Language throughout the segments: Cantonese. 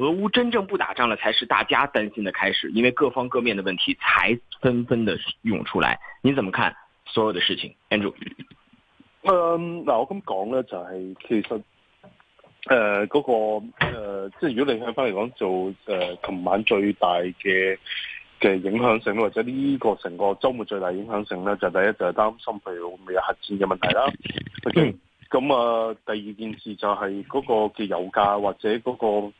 俄烏真正不打仗了，才是大家擔心的開始，因為各方各面的問題才紛紛的湧出來。你怎麼看所有的事情？Andrew，嗯，嗱，我咁講呢，就係、是、其實嗰、呃那個、呃、即係如果你向翻嚟講做誒，琴、呃、晚最大嘅嘅影響性或者呢個成個周末最大影響性呢，就是、第一就係、是、擔心，譬如會唔會有核戰嘅問題啦。咁 啊、呃，第二件事就係嗰個嘅油價或者嗰、那個。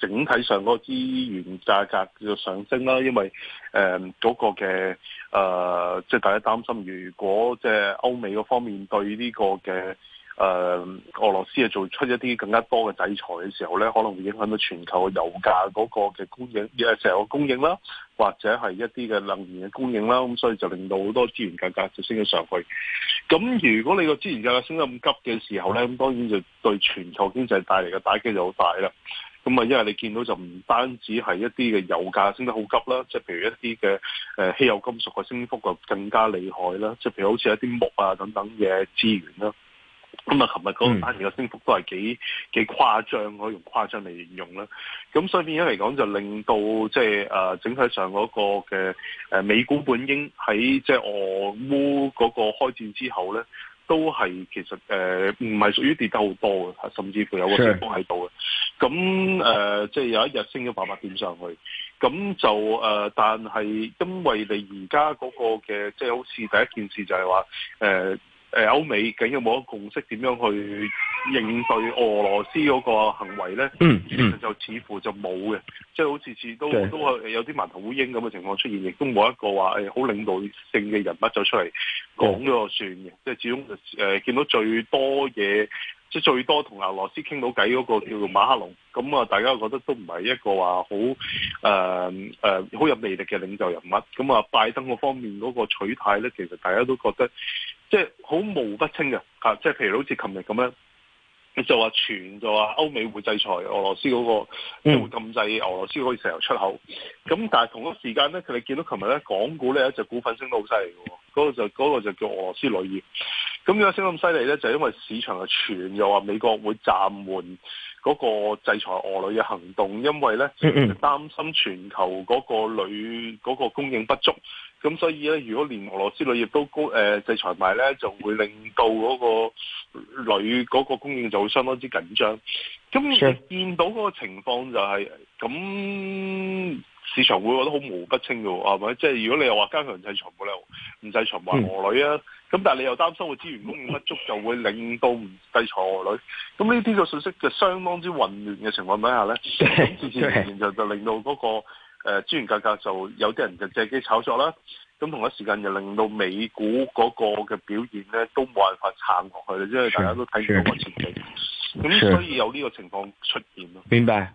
整體上嗰個資源價格叫上升啦，因為誒嗰、呃那個嘅誒，即、呃、係、就是、大家擔心，如果即係歐美嗰方面對呢個嘅誒、呃、俄羅斯係做出一啲更加多嘅制裁嘅時候咧，可能會影響到全球嘅油價嗰個嘅供應誒成個供應啦，或者係一啲嘅能源嘅供應啦，咁所以就令到好多資源價格就升咗上去。咁如果你個資源價格升得咁急嘅時候咧，咁當然就對全球經濟帶嚟嘅打擊就好大啦。咁啊，因為你見到就唔單止係一啲嘅油價升得好急啦，即係譬如一啲嘅誒稀有金屬嘅升幅就更加厲害啦，即係譬如好似一啲木啊等等嘅資源啦。咁啊，琴日嗰個單日嘅升幅都係幾幾誇張，可以用誇張嚟形容啦。咁所以變咗嚟講，就令到即係誒整體上嗰個嘅誒、呃、美股本應喺即係俄烏嗰個開戰之後咧，都係其實誒，唔、呃、係屬於跌得好多嘅，甚至乎有個升幅喺度嘅。咁誒，即係、呃就是、有一日升咗八百點上去。咁就誒、呃，但係因為你而家嗰個嘅，即、就、係、是、好似第一件事就係話誒。呃誒，歐美究竟有冇一個共識點樣去應對俄羅斯嗰個行為咧？嗯，其、嗯、實就似乎就冇嘅，即係好似次都、嗯、都係有啲無頭烏蠅咁嘅情況出現，亦都冇一個話誒好領導性嘅人物走出嚟講咗算嘅，即、嗯、係始終誒、呃、見到最多嘢。即係最多同俄羅斯傾到偈嗰個叫做馬克龍，咁啊大家覺得都唔係一個話好誒誒好有魅力嘅領袖人物。咁啊拜登嗰方面嗰個取態咧，其實大家都覺得即係好模糊不清嘅嚇。即係譬如好似琴日咁樣，就話全就話歐美會制裁俄羅斯嗰、嗰個，就會禁制俄羅斯可以石油出口。咁但係同一個時間咧，佢哋見到琴日咧港股咧一隻股份升到好犀利嘅，嗰、嗰個就、嗰個、就叫俄羅斯鋁業。咁而家升咁犀利呢，就係、是、因為市場係傳又話美國會暫緩嗰個制裁俄鋁嘅行動，因為呢，嗯嗯擔心全球嗰個鋁嗰個供應不足。咁所以呢，如果連俄羅斯鋁業都高、呃、制裁埋呢，就會令到嗰個鋁嗰個供應就會相當之緊張。咁你見到嗰個情況就係、是、咁，市場會覺得好模糊不清嘅，係咪？即、就、係、是、如果你又話加強制裁冇咧？唔使循環河女啊，咁但係你又擔心個資源供應不足，就會令到唔制循環河女。咁呢啲個信息就相當之混亂嘅情況底下咧， 自，自然就就令到嗰個誒資源價格就有啲人就借機炒作啦。咁同一時間就令到美股嗰個嘅表現咧都冇辦法撐落去，因為大家都睇唔到個前景。咁 所以有呢個情況出現咯。明白。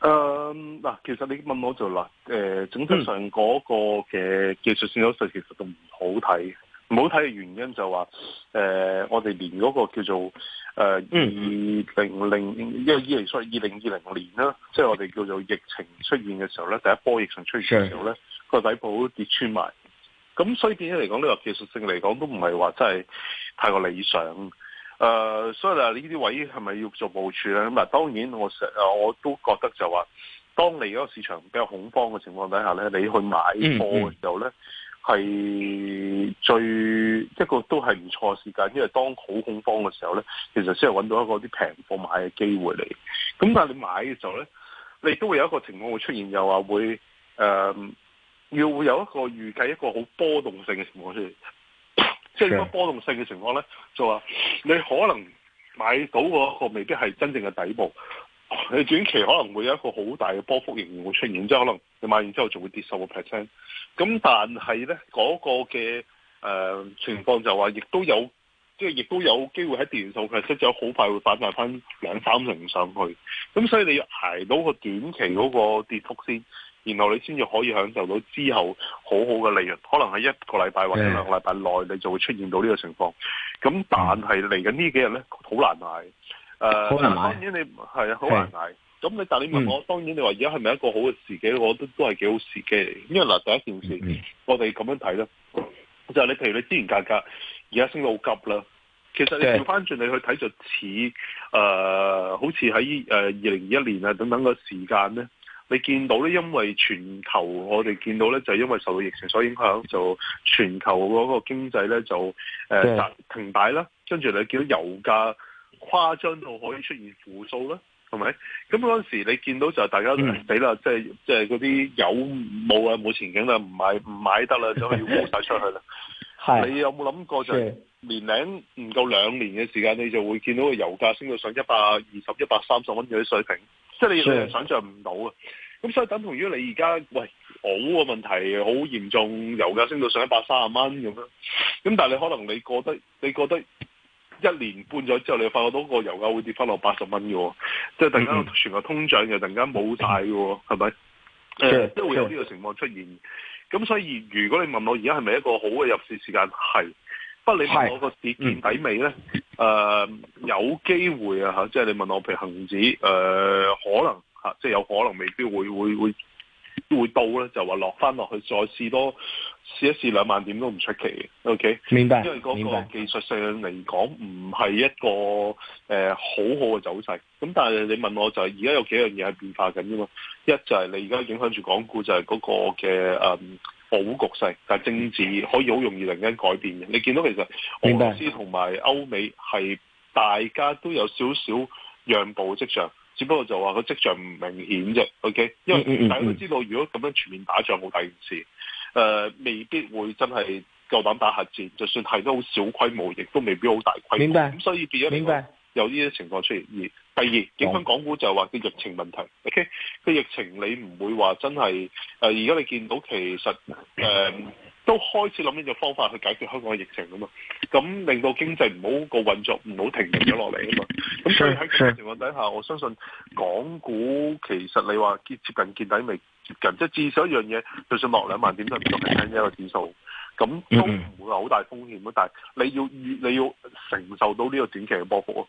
誒，嗱，其實你問我就啦、是，誒、呃，整體上嗰個嘅技術性走勢其實都唔好睇，唔好睇嘅原因就話、是，誒、呃，我哋連嗰個叫做誒、呃嗯、二零二零，因為依嚟講係二零二零年啦，即、就、係、是、我哋叫做疫情出現嘅時候咧，第一波疫情出現嘅時候咧，個底部都跌穿埋，咁所以點樣嚟講呢話技術性嚟講都唔係話真係太過理想。誒、呃，所以你呢啲位係咪要做部署咧？咁當然我成，我都覺得就話，當你一個市場比較恐慌嘅情況底下咧，你去買貨嘅時候咧，係最一個都係唔錯嘅時間，因為當好恐慌嘅時候咧，其實先係揾到一個啲平貨買嘅機會嚟。咁但係你買嘅時候咧，你都會有一個情況會出現，又、就、話、是、會誒、呃，要有一個預計一個好波動性嘅情況出現。即係個波動性嘅情況咧，就話你可能買到嗰個未必係真正嘅底部，你短期可能會有一個好大嘅波幅仍然會出現，即係可能你買完之後就會跌十個 percent。咁但係咧，嗰個嘅誒情況就話，亦都有即係亦都有機會喺電數 percent 好快會反彈翻兩三成上去。咁所以你要挨到嗰個短期嗰個跌幅先。然後你先至可以享受到之後很好好嘅利潤，可能喺一個禮拜或者兩個禮拜內，你就會出現到呢個情況。咁但係嚟緊呢幾日咧，好難買。誒、呃呃，當然你係啊，好難買。咁你但係你問我，嗯、當然你話而家係咪一個好嘅時機，我覺得都係幾好時機嚟。因為嗱、呃，第一件事，嗯、我哋咁樣睇咧，就係、是、你譬如你資源價格而家升到好急啦，其實你調翻轉你去睇就似誒，好似喺誒二零二一年啊等等嘅時間咧。你見到咧，因為全球我哋見到咧，就係、因為受到疫情所影響，就全球嗰個經濟咧就、呃、停擺啦。跟住你見到油價誇張到可以出現負數啦，係咪？咁嗰陣時你見到就大家死啦，即係即係嗰啲有冇啊，冇前景啦，唔買唔買得啦，就係要沽晒出去啦。你有冇諗過就年零唔夠兩年嘅時間，你就會見到個油價升到上一百二十一百三十蚊啲水平？即係你，你又想象唔到啊！咁所以等同於你而家喂，我個問題好嚴重，油價升到上一百三十蚊咁樣。咁但係你可能你覺得你覺得一年半載之後，你發覺到個油價會跌翻落八十蚊嘅喎，即係突然間全球通脹又突然間冇晒嘅喎，係咪？mm-hmm. 即都會有呢個情況出現。咁所以如果你問我而家係咪一個好嘅入市時間，係，不過你問我個事件底尾咧。誒、呃，有機會啊吓，即係你問我譬如恒指，誒、呃、可能吓、啊，即係有可能未必會會會會到咧，就話落翻落去再試多試一試兩萬點都唔出奇嘅。OK，明白，因為嗰個技術上嚟講唔係一個誒、呃、好好嘅走勢。咁但係你問我就係而家有幾樣嘢係變化緊啫嘛，一就係你而家影響住港股就係嗰個嘅誒。嗯保局勢，但係政治可以好容易突然間改變嘅。你見到其實俄羅斯同埋歐美係大家都有少少讓步嘅跡象，只不過就話個跡象唔明顯啫。OK，因為大家都知道，如果咁樣全面打仗冇大件事，誒、呃，未必會真係夠膽打核戰。就算係都好小規模，亦都未必好大規模。明白。所以有呢啲情況出現。而第二影響港股就係話啲疫情問題。O.K. 嘅疫情你唔會話真係誒，而、呃、家你見到其實誒、呃、都開始諗呢個方法去解決香港嘅疫情啊嘛。咁令到經濟唔好個運作，唔好停滯咗落嚟啊嘛。咁、 嗯、所以喺呢個情況底下， 我相信港股其實你話接接近見底未？接近，即至少一樣嘢，就算落兩萬點都係唔緊要嘅指數，咁都唔會話好大風險咯。但係你要， 你，要你要承受到呢個短期嘅波幅咯。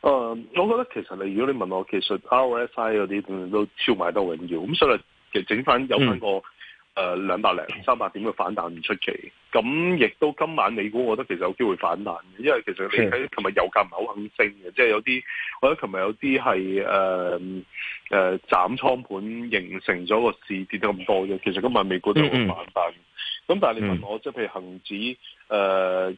誒、uh,，我覺得其實你如果你問我，其實 RSI 嗰啲都超賣得好遠。咁、嗯嗯、所以其實整翻有翻個誒兩百零三百點嘅反彈唔出奇，咁亦都今晚美股我覺得其實有機會反彈，因為其實你睇，尋日油價唔係好肯升嘅，即係有啲或者尋日有啲係誒誒斬倉盤形成咗個市跌咗咁多嘅，其實今晚美股都好反彈，咁、嗯、但係你問我即係、嗯、譬如恒指誒。呃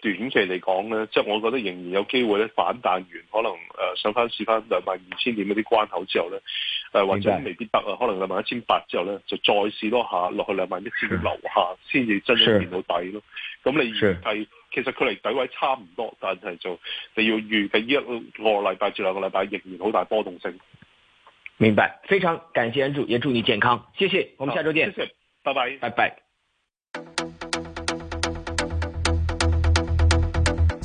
短期嚟講咧，即係我覺得仍然有機會咧反彈完，可能誒上翻試翻兩萬二千點嗰啲關口之後咧，誒或者未必得啊。可能兩萬一千八之後咧就再試多下落去兩萬一千點樓下，先至真正見到底咯。咁你預計其實佢離底位差唔多，但係就你要預計一個禮拜至兩個禮拜仍然好大波動性。明白，非常感謝安柱，也祝你健康。謝謝，我們下周見。謝謝，拜拜，拜拜。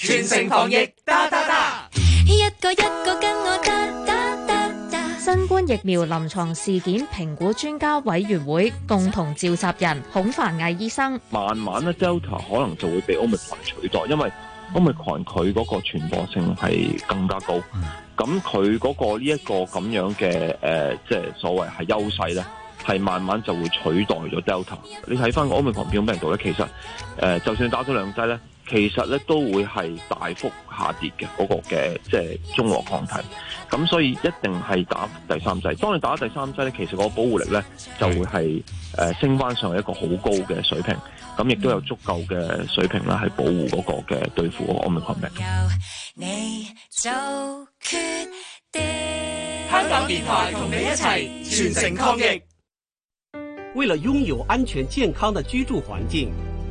全城防疫，噠噠噠！一個一個跟我噠噠噠。新冠疫苗臨床事件評估專家委員會共同召集人孔繁毅醫生，慢慢咧，Delta 可能就會被 omicron 取代，因為 omicron 佢嗰個傳播性係更加高，咁佢嗰個呢一個咁樣嘅誒，即係、呃、所謂係優勢咧，係慢慢就會取代咗 Delta。你睇翻個 omicron 變咗咩程度咧？其實誒、呃，就算打咗兩劑咧。其實咧都會係大幅下跌嘅嗰、那個嘅即係中和抗體，咁所以一定係打第三劑。當你打第三劑咧，其實個保護力咧就會係誒、呃、升翻上一個好高嘅水平，咁亦都有足夠嘅水平啦，係保護嗰個嘅對付嗰個 Omicron。香港電台同你一齊全城抗疫，為了擁有安全健康嘅居住環境。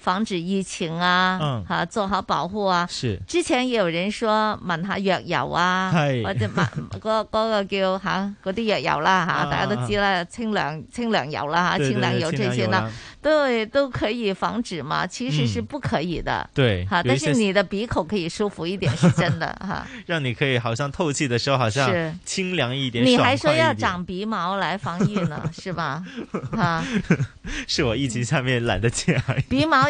防止疫情啊，嗯、哈，做好保護啊。是。之前也有人說，聞下藥油啊， 或者聞嗰嗰個叫吓，嗰啲藥油啦吓，大家都知啦，清涼哈對對對清涼油啦吓，清涼油這些啦，都都可以防止嘛。其實是不可以的。嗯、對。哈，但是你的鼻孔可以舒服一點，是真的哈,哈,哈,哈。讓你可以好像透氣的時候，好像清涼一點,是爽快一點。你還說要長鼻毛來防御呢， 是吧？哈。 是我疫情下面懶得剪而已。鼻毛。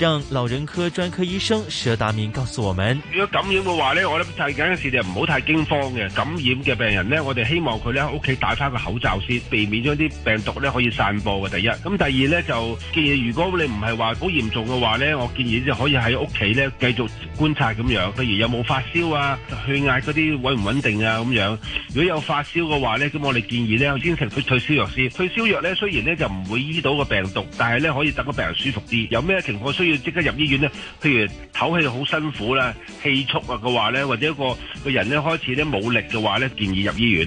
讓老人科專科醫生佘達明告訴我們：如果感染嘅話咧，我諗最緊嘅事就唔好太驚慌嘅。感染嘅病人咧，我哋希望佢咧喺屋企戴翻個口罩先，避免將啲病毒咧可以散播嘅。第一，咁第二咧就建議，如果你唔係話好嚴重嘅話咧，我建議就可以喺屋企咧繼續。觀察咁樣，譬如有冇發燒啊，血壓嗰啲穩唔穩定啊咁樣。如果有發燒嘅話呢，咁我哋建議呢，我先食啲退燒藥先。退燒藥呢，雖然呢就唔會醫到個病毒，但係呢可以等個病人舒服啲。有咩情況需要即刻入醫院呢？譬如唞氣好辛苦啦，氣促啊嘅話呢，或者個個人呢開始呢冇力嘅話呢，建議入醫院。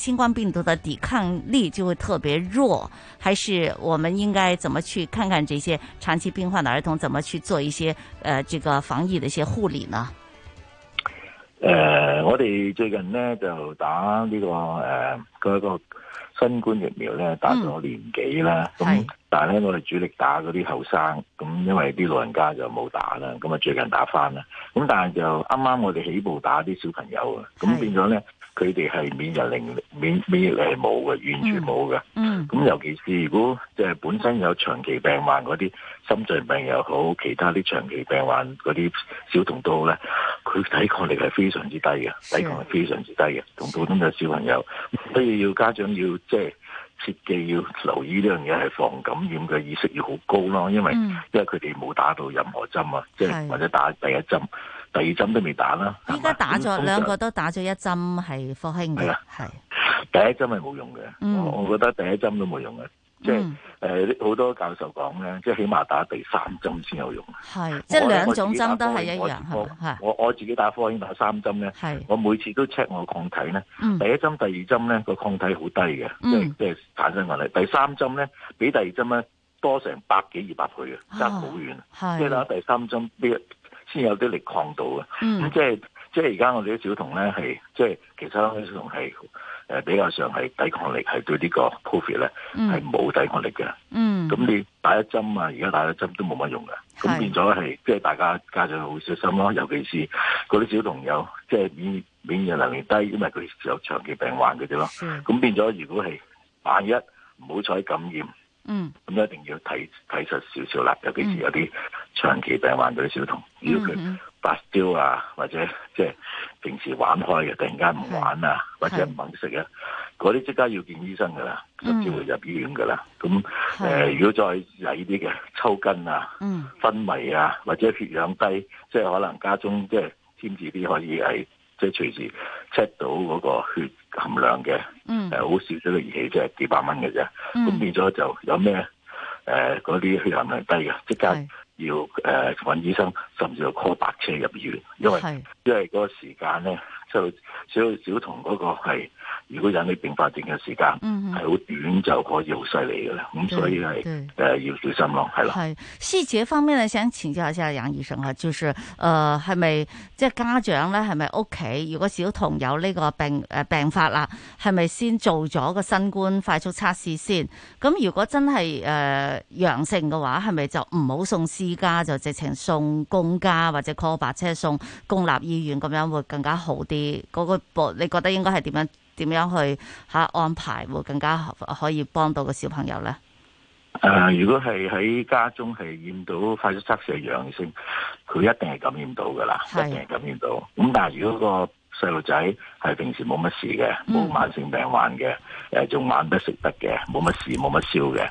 新冠病毒的抵抗力就會特別弱，還是我們應該怎麼去看看這些長期病患的兒童，怎麼去做一些、呃、這個防疫的一些護理呢？誒、呃，我哋最近呢，就打呢、這個誒，呃、各個新冠疫苗咧打咗年幾啦，咁、嗯、但係咧我哋主力打嗰啲後生，咁因為啲老人家就冇打啦，咁啊最近打返啦，咁但係就啱啱我哋起步打啲小朋友啊，咁變咗咧。佢哋係免疫力，免免疫力係冇嘅，完全冇嘅。咁、嗯嗯、尤其是如果即係本身有長期病患嗰啲心臟病又好，其他啲長期病患嗰啲小童都好咧，佢抵抗力係非常之低嘅，抵抗力非常之低嘅，同普通嘅小朋友，所以要家長要即係切記要留意呢樣嘢，係防感染嘅意識要好高咯，因為、嗯、因為佢哋冇打到任何針啊，即係或者打第一針。第二針都未打啦，依家打咗兩個都打咗一針，係科興嘅。係第一針係冇用嘅、嗯，我覺得第一針都冇用嘅、嗯，即係、呃、好多教授講咧，即係起碼打第三針先有用。係即係兩種針都係一樣。我自樣我自己打科興打三針咧，我每次都 check 我抗體咧、嗯，第一針、第二針咧個抗體好低嘅、嗯，即係即產生壓力。第三針咧比第二針咧多成百幾二百倍嘅，差好遠。即係打第三針先有啲力抗到嘅，咁、嗯、即係即係而家我哋啲小童咧，係即係其實小童係誒、呃、比較上係抵抗力係對呢個 COVID 咧係冇抵抗力嘅，咁、嗯、你打一針啊，而家打一針都冇乜用嘅，咁變咗係即係大家家長好小心咯，尤其是嗰啲小童有即係免免疫能力低，因為佢有長期病患嗰啲咯，咁變咗如果係萬一唔好彩感染。嗯，咁、嗯、一定要睇睇實少少啦。尤其是有啲長期病患嗰啲小童，如果佢發燒啊，或者即係平時玩開嘅，突然間唔玩啊，或者唔肯食啊，嗰啲即刻要見醫生噶啦，甚至會入醫院噶啦。咁、嗯呃、如果再細啲嘅抽筋啊、嗯、昏迷啊，或者血氧低，即、就、係、是、可能家中即係添置啲可以係即係隨時。check 到嗰個血含量嘅，誒、嗯、好、呃、少咗個儀器，即係幾百蚊嘅啫。咁、嗯、變咗就有咩？誒嗰啲血含量低嘅，即刻要誒搵、呃、醫生，甚至要 call 白車入醫院，因為因為嗰個時間咧。就小小童嗰個係如果引起併發症嘅時間係好、嗯、短就可以好犀利嘅咧，咁、嗯、所以係誒要小心咯，係啦。係、呃，細節方面你想請教下先下楊醫生啊，就是誒係咪即係家長咧，係咪屋企如果小童有呢個病誒、呃、病發啦，係咪先做咗個新冠快速測試先？咁如果真係誒陽性嘅話，係咪就唔好送私家，就直情送公家或者 call 白車送公立醫院咁樣會更加好啲？那個噃，你覺得應該係點樣點樣去吓安排，會更加可以幫到個小朋友咧？誒，如果係喺家中係驗到快速測試陽性，佢一定係感染到噶啦，係，一定係感染到。咁但係如果個細路仔係平時冇乜事嘅，冇、嗯、慢性病患嘅。誒仲晚得食得嘅，冇乜事冇乜燒嘅，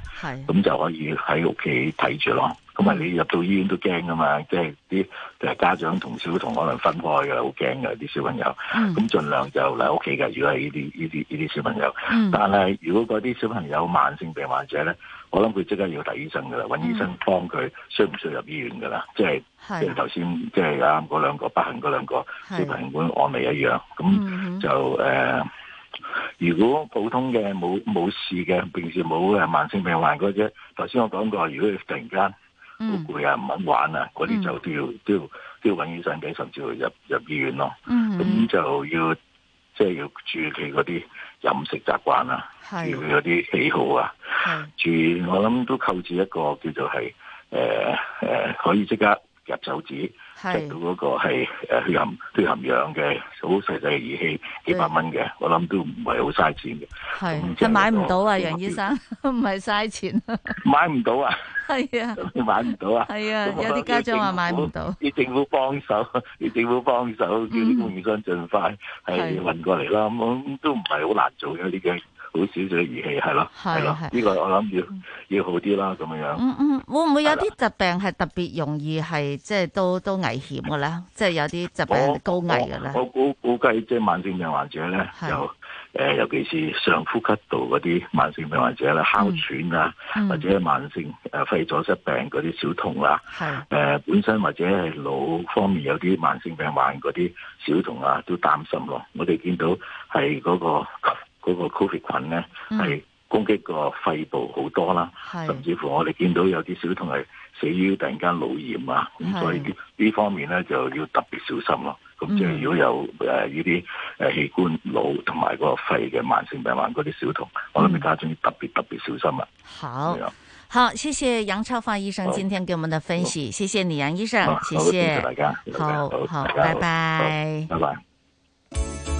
咁就可以喺屋企睇住咯。咁啊，你入到醫院都驚噶嘛，即係啲誒家長同小童可能分開嘅，好驚嘅啲小朋友。咁、嗯、盡量就嚟屋企嘅。如果係呢啲呢啲呢啲小朋友，嗯、但係如果嗰啲小朋友慢性病患者咧，我諗佢即刻要睇醫生噶啦，搵醫生幫佢、嗯、需唔需要入醫院噶啦。即係即係頭先即係啱嗰兩個不幸嗰兩個小朋友安理未一樣，咁、嗯、就、嗯呃如果普通嘅冇冇事嘅平時冇誒慢性病患嗰啲，頭先我講過，如果你突然間好攰啊，唔、嗯、肯玩啊，嗰啲就都要、嗯、都要都要搵醫生睇，甚至乎入入醫院咯。咁、嗯、就要即係、就是、要注意佢嗰啲飲食習慣啦，要嗰啲喜好啊。住我諗都構築一個叫做係誒誒，可以即刻入手指。得到嗰個係誒血含血含氧嘅好細細嘅儀器，幾百蚊嘅，我諗都唔係好嘥錢嘅。係，係買唔到啊，楊醫生，唔係嘥錢。買唔到啊！係啊，買唔到啊！係啊，有啲家長話買唔到。要政府幫手，要政府幫手，叫啲供應商盡快係運過嚟啦。咁都唔係好難做嘅呢啲。好少少嘅儀器係咯，係咯，呢、這個我諗要、嗯、要好啲啦咁樣。嗯嗯，會唔會有啲疾病係特別容易係即係都都危險嘅咧？即、就、係、是、有啲疾病高危嘅咧？我估估計即係慢性病患者咧，就尤其是上呼吸道嗰啲慢性病患者呢，哮喘啊、嗯，或者係慢性誒肺阻塞病嗰啲小童啦、啊，誒、呃、本身或者係腦方面有啲慢性病患嗰啲小童啊，都擔心咯。我哋見到係嗰、那個。.嗰、那個 Covid 菌咧，係、嗯、攻擊個肺部好多啦，甚至乎我哋見到有啲小童係死於突然間腦炎啊，咁、嗯、所以呢方面咧就要特別小心咯。咁即係如果有誒呢啲誒器官腦同埋嗰個肺嘅慢性病患嗰啲小童，嗯、我諗大家都要特別特別小心啦。好好，好，謝謝楊超發醫生今天給我們的分析，謝謝你楊醫生謝謝，謝謝大家，拜拜好好，大家好，好，拜拜好，拜拜，拜拜。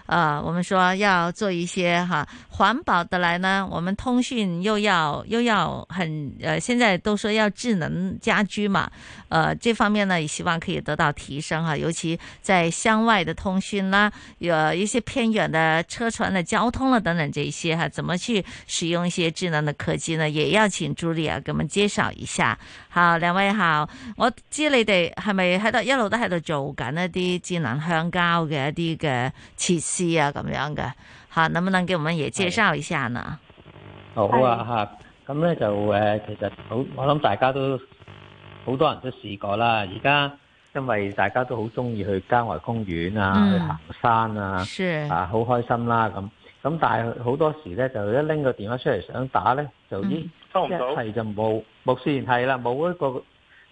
呃，我們說要做一些哈、啊、環保的來呢。我們通訊又要又要很呃，現在都說要智能家居嘛。呃，這方面呢也希望可以得到提升哈、啊。尤其在鄉外的通訊啦，有一些偏遠的車船的交通了、啊、等等這些哈、啊，怎麼去使用一些智能的科技呢？也要請邱博士給我們介紹一下。好，兩位好，我知你哋係咪喺度一路都喺度做緊一啲智能香港嘅一啲嘅設施。知啊咁樣嘅，吓，能唔能給我們也介紹一下呢？好啊，吓，咁咧就誒，其實好，我諗大家都好多人都試過啦。而家因為大家都好中意去郊外公園啊，去行山啊，啊，好開心啦咁。咁但係好多時咧，就一拎個電話出嚟想打咧，就咦，收唔到，一係就冇，冇先係啦，冇一個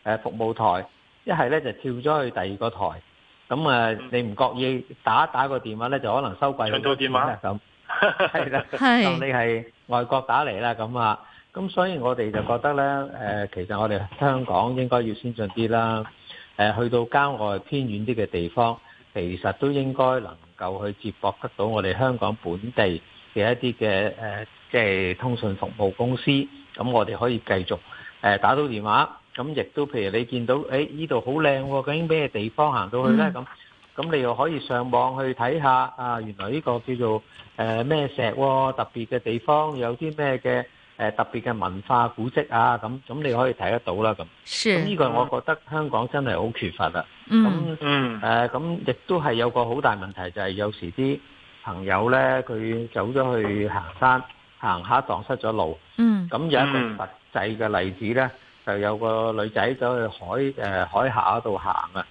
誒服務台，一係咧就跳咗去第二個台。咁、嗯、誒、嗯，你唔覺意打打個電話咧，就可能收貴啲咁。長途電話咁，話 是的 你係外國打嚟啦，咁啊，咁所以我哋就覺得咧，誒、呃，其實我哋香港應該要先進啲啦。誒、呃，去到郊外偏遠啲嘅地方，其實都應該能夠去接駁得到我哋香港本地嘅一啲嘅誒，即係通訊服務公司。咁、嗯、我哋可以繼續誒、呃、打到電話。咁亦都，譬如你見到，誒，依度好靚喎，究竟咩地方行到去咧？咁，咁你又可以上網去睇下，啊，原來呢個叫做誒咩石喎，特別嘅地方有啲咩嘅誒特別嘅文化古蹟啊？咁，咁你可以睇得到啦咁。咁依個我覺得香港真係好缺乏啦。咁，嗯、誒，咁亦都係有個好大問題，就係有時啲朋友咧，佢走咗去行山，行下蕩失咗路。嗯，咁有一個實際嘅例子咧。就有個女仔走去海誒海下嗰度行啊，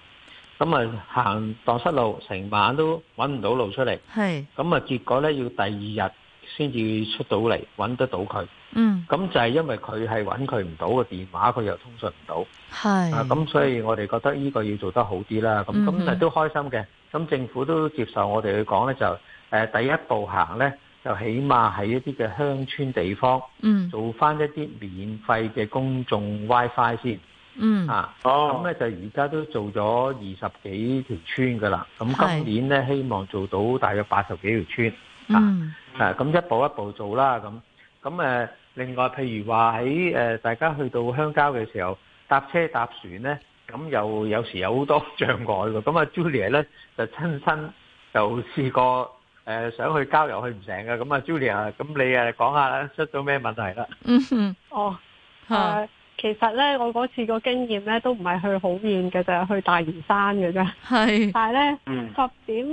咁啊行蕩失路，成晚都揾唔到路出嚟。係，咁啊結果咧要第二日先至出到嚟揾得到佢。嗯，咁就係因為佢係揾佢唔到個電話，佢又通訊唔到。係啊，咁所以我哋覺得呢個要做得好啲啦。咁咁啊都開心嘅，咁政府都接受我哋去講咧，就誒第一步行咧。就起碼喺一啲嘅鄉村地方、嗯、做翻一啲免費嘅公眾 WiFi 先，嗯啊，咁、哦、咧就而家都做咗二十幾條村噶啦，咁今年咧希望做到大約八十幾條村，嗯、啊，誒、嗯、咁、啊、一步一步做啦，咁咁誒另外譬如話喺誒大家去到鄉郊嘅時候搭車搭船咧，咁又有，有時有好多障礙嘅，咁啊 Julia 咧就親身就試過。誒、呃，想去郊遊去唔成嘅。咁、嗯、啊 Julia 咁你啊，講下啦，出咗咩問題啦？嗯哼、嗯，哦、呃、其實咧我嗰次個經驗咧都唔係去好遠嘅，就係去大嶼山嘅啫。係，但係咧十點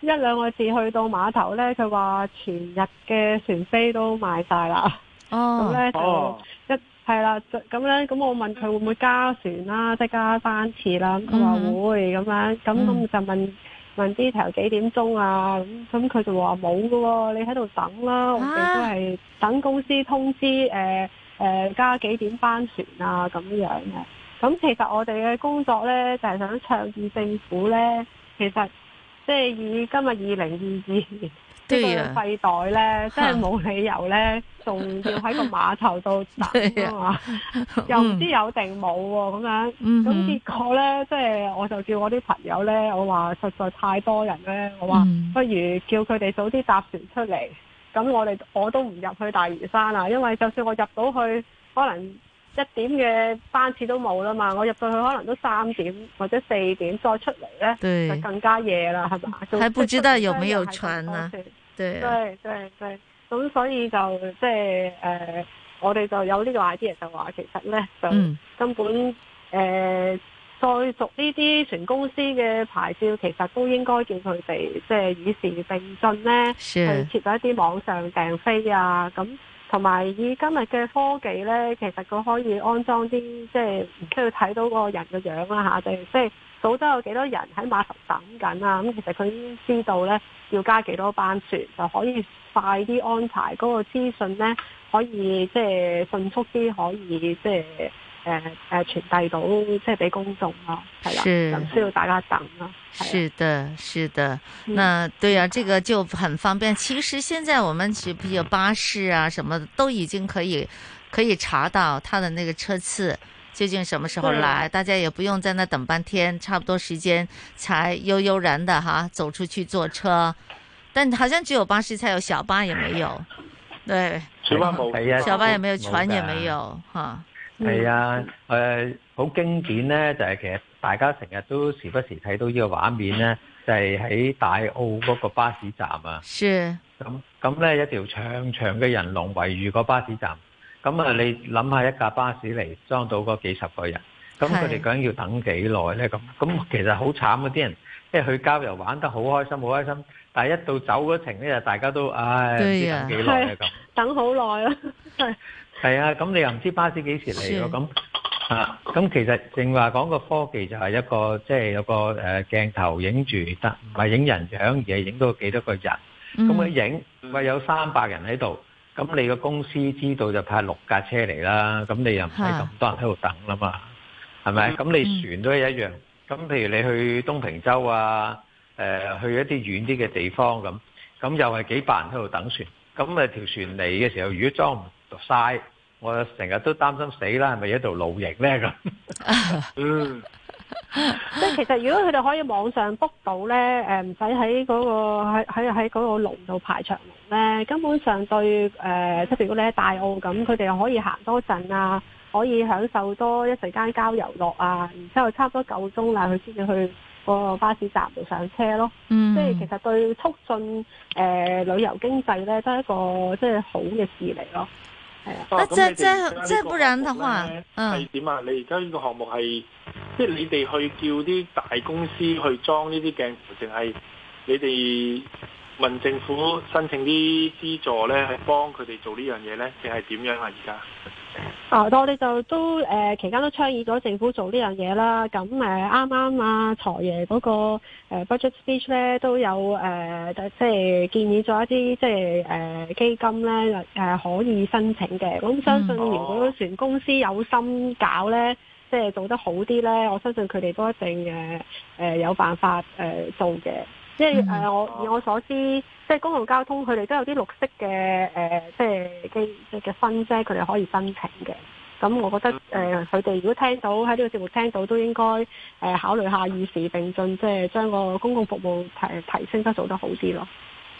一兩個字去到碼頭咧，佢話全日嘅船飛都賣晒啦。哦，咁、嗯、咧就一係啦，咁咧咁我問佢會唔會加船啦，即係加班次啦，佢話會咁、嗯、樣，咁咁就問。嗯問啲頭幾點鐘啊？咁咁佢就話冇㗎喎，你喺度等啦、啊。我哋都係等公司通知，誒、呃、誒、呃、加幾點班船啊咁樣嘅。咁其實我哋嘅工作呢，就係、是、想倡議政府呢。其實即係、就是、以今日二零二二。呢、呢個廢袋呢、啊、真係冇理由呢，仲要喺個碼頭度等、啊、又唔知有定冇喎，咁樣咁結果呢，嗯、即係我就叫我啲朋友呢，我話實在太多人呢。我話不如叫佢哋早啲搭船出嚟，咁、嗯、我哋我都唔入去大嶼山啦，因為就算我入到去，可能一點嘅班次都冇啦嘛，我入到去可能都三點或者四點再出嚟呢，就更加夜啦，係嘛？還不知道有沒有船呢？啊對，對，對，咁所以就即係誒，我哋就有呢個 idea 就話，其實咧就根本誒、嗯呃，再續呢啲船公司嘅牌照，其實都應該叫佢哋即係與時並進咧，去設咗一啲網上訂飛啊，咁同埋以今日嘅科技咧，其實佢可以安裝啲即係唔需要睇到嗰個人嘅樣啦吓、啊，就即、係、係。到底有幾多人喺碼頭等緊啊？咁其實佢已經知道咧，要加幾多班船就可以快啲安排嗰、那個資訊咧，可以即係迅速啲可以即係誒、呃呃、傳遞到即係俾公眾咯，係啦，咁需要大家等啦。是的，是的，那對啊，這個就很方便。嗯、其實現在我們譬如巴士啊，什麼的都已經可以，可以查到它的那個車次。究竟什麼時候來？大家也不用在那等半天，差不多時間才悠悠然的哈、啊、走出去坐車。但好像只有巴士，才有小巴也沒有。對，小巴冇，小巴也沒有，船也沒有，哈。係啊，誒，好、呃、經典呢。就係其實大家成日都時不時睇到呢個畫面呢，就係喺大澳嗰個巴士站啊。是。咁咁呢一條長長嘅人龍圍住個巴士站。咁啊，你諗下一架巴士嚟裝到嗰幾十個人，咁佢哋究竟要等幾耐咧？咁咁其實好慘啊！啲人，即係去郊遊玩得好開心，好開心，但係一到走嗰程咧，就大家都唉，等幾耐啊？咁等好耐咯，係係啊！咁你又唔知巴士幾時嚟咯？咁啊，咁其實正話講個科技就係一個，即係有個誒鏡頭影住得，唔係影人，而係，影到幾多個人？咁佢影喂有三百人喺度。咁你個公司知道就派六架車嚟啦，咁你又唔使咁多人喺度等啦嘛，係咪？咁你船都係一樣，咁譬如你去東平洲啊，誒去一啲遠啲嘅地方咁，咁又係幾百人喺度等船，咁咪條船嚟嘅時候，如果裝唔到晒，我成日都擔心死啦，係咪喺度露營呢咁？即 係其實如果佢哋可以網上 book 到呢，誒唔使喺嗰個喺喺喺嗰個龍度排長龍呢，根本上對誒、呃，特別如果你喺大澳咁，佢哋又可以行多陣啊，可以享受多一時間郊遊樂啊，然之後差唔多夠鐘啦，佢先至去嗰個巴士站度上車咯。即係、mm-hmm. 其實對促進誒、呃、旅遊經濟呢，都係一個即係好嘅事嚟咯。哦、啊！即係即係即係不然的話係點啊？你而家呢個項目係、嗯，即係你哋去叫啲大公司去裝呢啲鏡，淨係你哋？問政府申請啲資助咧，係幫佢哋做呢樣嘢咧，定係點樣啊？而家啊，我哋就都誒、呃、期間都倡議咗政府做呢樣嘢啦。咁誒啱啱啊財爺嗰個 budget speech 咧都有誒、呃，即係建議咗一啲即係誒、呃、基金咧誒、呃、可以申請嘅。咁相信如果船公司有心搞咧，即係做得好啲咧，我相信佢哋都一定誒誒、呃、有辦法誒、呃、做嘅。即係誒，我以我所知，即係公共交通，佢哋都有啲綠色嘅誒，即係嘅嘅分啫，佢哋可以申請嘅。咁我覺得誒，佢哋，呃，如果聽到喺呢個節目聽到，都應該誒考慮下與時並進，即係將個公共服務提提升得做得好啲咯。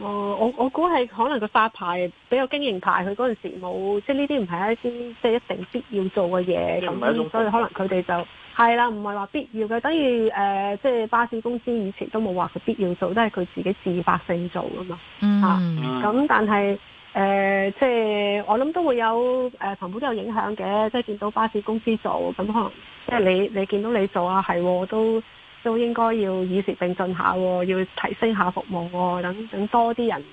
我我我估係可能佢發牌比較經營牌，佢嗰陣時冇即係呢啲唔係一啲即係一定必要做嘅嘢，咁所以可能佢哋就係啦，唔係話必要嘅。等於誒、呃，即係巴士公司以前都冇話佢必要做，都係佢自己自發性做噶嘛。嗯，咁、啊、但係誒、呃，即係我諗都會有誒，盤、呃、股都有影響嘅。即係見到巴士公司做，咁可能即係你你見到你做啊，係我都。都應該要以時並進下，要提升下服務，等等多啲人，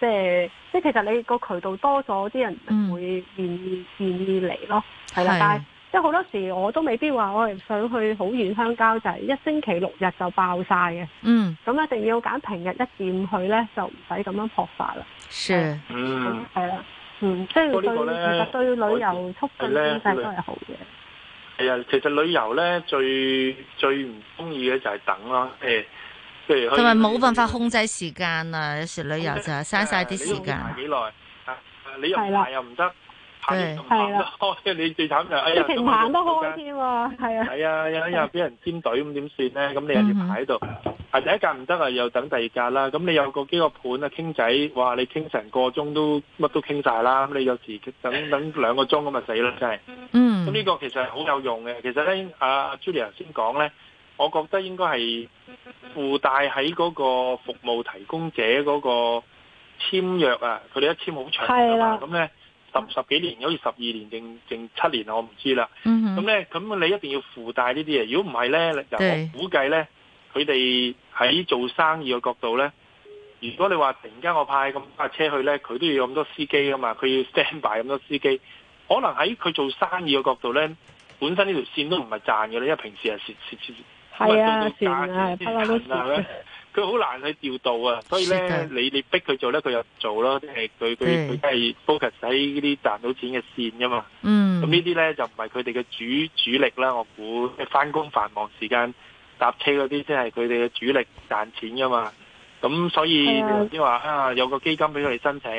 即係即係其實你個渠道多咗，啲人會願意願、嗯、意嚟咯，係啦。但係即係好多時我都未必話我係想去好遠鄉郊，就係、是、一星期六日就爆晒嘅。嗯，咁一定要揀平日一、二、去咧，就唔使咁樣撲發啦。是，嗯，係、嗯、啦，嗯，即係、嗯、對其實對旅遊促進經濟都係好嘅。係啊，其實旅遊咧，最最唔中意嘅就係等咯，誒，譬如同埋冇辦法控制時間啊，有時旅遊就係嘥晒啲時間。你入牌幾耐？係啦，你入牌又唔得，牌咁難開，你最慘就疫情難都開添，係啊，係啊，又又俾人尖隊咁點算咧？咁你又要排喺度。啊第一間唔得啊，又等第二間啦。咁你有個幾個盤啊，傾仔，話你傾成個鐘都乜都傾晒啦。咁你有時等等兩個鐘咁咪死啦，真係。嗯。咁呢個其實好有用嘅。其實咧，阿、啊、Julia 先講咧，我覺得應該係附帶喺嗰個服務提供者嗰個簽約啊。佢哋一簽好長嘅嘛。啦、mm -hmm.。咁咧十十幾年，好似十二年定定七年，我唔知啦。咁咧，咁你一定要附帶呢啲嘢。如果唔係咧，就我估計咧。佢哋喺做生意嘅角度咧，如果你話突然間我派咁架車去咧，佢都要咁多司機噶嘛，佢要 stand by 咁多司機，可能喺佢做生意嘅角度咧，本身呢條線都唔係賺嘅咧，因為平時係蝕蝕蝕，係啊，賺錢啊，賺到錢啊，佢好難去調度啊，所以咧，你你逼佢做咧，佢又唔做咯，即係佢佢佢都係 focus 喺呢啲賺到錢嘅線噶嘛，嗯，咁呢啲咧就唔係佢哋嘅主主力啦，我估翻工繁忙時間。搭車嗰啲即係佢哋嘅主力賺錢噶嘛，咁所以先話啊，啊有個基金俾佢哋申請，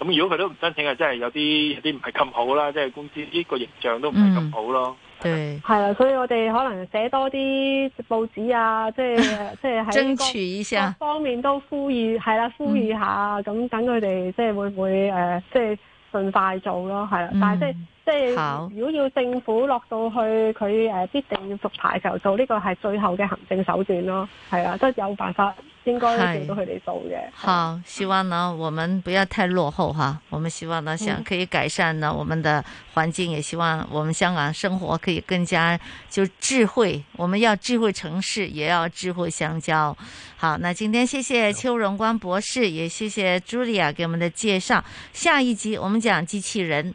咁如果佢都唔申請啊，真係有啲有啲唔係咁好啦，即係公司呢個形象都唔係咁好咯。係係啦，所以我哋可能寫多啲報紙啊，即係即係喺各方面都呼籲，係啦、啊、呼籲下，咁、嗯、等佢哋即係會唔會誒即係順快做咯，係啦、啊，但係即係。嗯即係如果要政府落到去佢，誒、呃，必定要復牌，時候做呢個係最後嘅行政手段咯，係啊，都有辦法應該叫到佢哋做嘅。好，希望呢，我們不要太落後哈，我們希望呢，想可以改善呢我們的環境，嗯，也希望我們香港生活可以更加就智慧。我們要智慧城市，也要智慧鄉郊。好，那今天謝謝邱榮光博士，也謝謝茱莉亞給我們的介紹。下一集我們講機器人。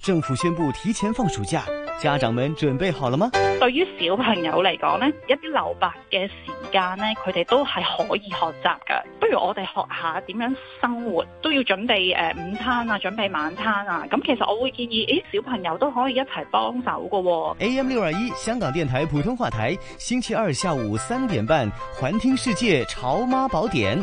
政府宣布提前放暑假，家長們準備好了嗎？對於小朋友嚟講呢，一啲留白嘅時間呢，佢哋都係可以學習噶。不如我哋學下點樣生活，都要準備誒午餐啊，準備晚餐啊。咁其實我會建議，誒小朋友都可以一齊幫手噶。AM 六二一，香港電台普通話台，星期二下午三點半，環聽世界，潮媽寶典。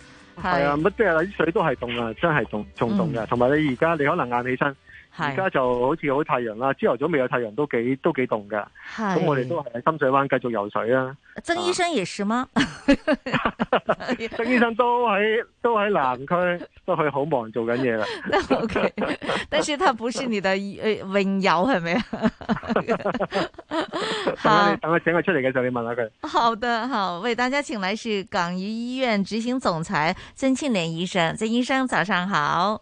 係啊，乜即係啲水都係凍啊，真係凍，仲凍嘅。同、嗯、埋你而家你可能晏起身。而家就好似好太陽啦，朝頭早未有太陽都幾都幾凍噶，咁我哋都係喺深水灣繼續游水啦、啊、曾醫生也是嗎？ 曾醫生都喺都喺南區，都去好 忙做緊嘢啦。O、okay, K，但是他不是你的、 呃、泳友係咪啊？等我請佢出嚟嘅時候，你問下佢。 好的，好，為大家請來是港醫醫院執行總裁曾慶亷醫生，曾醫生早上好。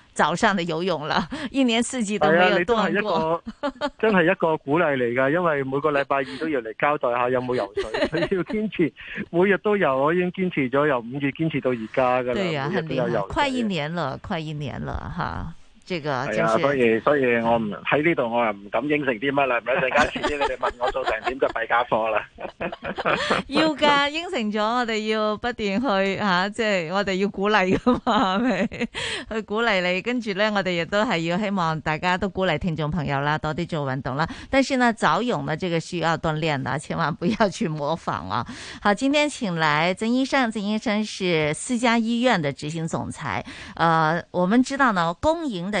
早上的游泳啦，一年四季都沒有斷過。啊、真係一， 一個鼓勵嚟噶，因為每個禮拜二都要嚟交代下有冇游水，你 要堅持每日都游。我已經堅持咗由五月堅持到而家噶啦，每日都有游，快一年了，快一年了哈。係、這、啊、個哎，所以所以我唔喺呢度，在這裏我又唔敢應承啲乜啦，唔使大家遲啲你哋問我做成點就弊家伙啦。 要噶，應承咗我哋要不斷去吓，即、啊、係、就是、我哋要鼓勵噶嘛，係咪？去鼓勵你，跟住咧我哋亦都係要希望大家都鼓勵聽眾朋友啦，多啲做運動啦。但是呢，早泳呢，這個需要鍛煉啊，千萬不要去模仿啊。好，今天請來曾醫生，曾醫生是私家醫院的執行總裁。誒、呃，我們知道呢，公營的。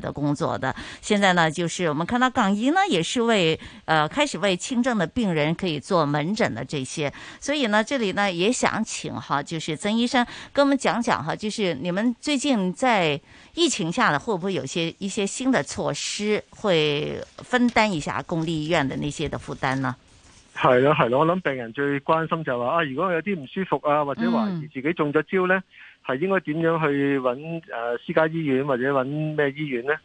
的工作的，現在呢，就是我們看到港醫呢也是為呃開始為輕症的病人可以做門診的這些，所以呢，這裏呢也想請哈，就是曾醫生跟我們講講哈，就是你們最近在疫情下呢，會不會有些一些新的措施會分擔一下公立醫院的那些的負擔呢？係咯，係咯，我諗病人最關心就係話啊，如果有啲唔舒服啊，或者懷疑自己中咗招呢。嗯係應該點樣去揾誒私家醫院或者揾咩醫院咧？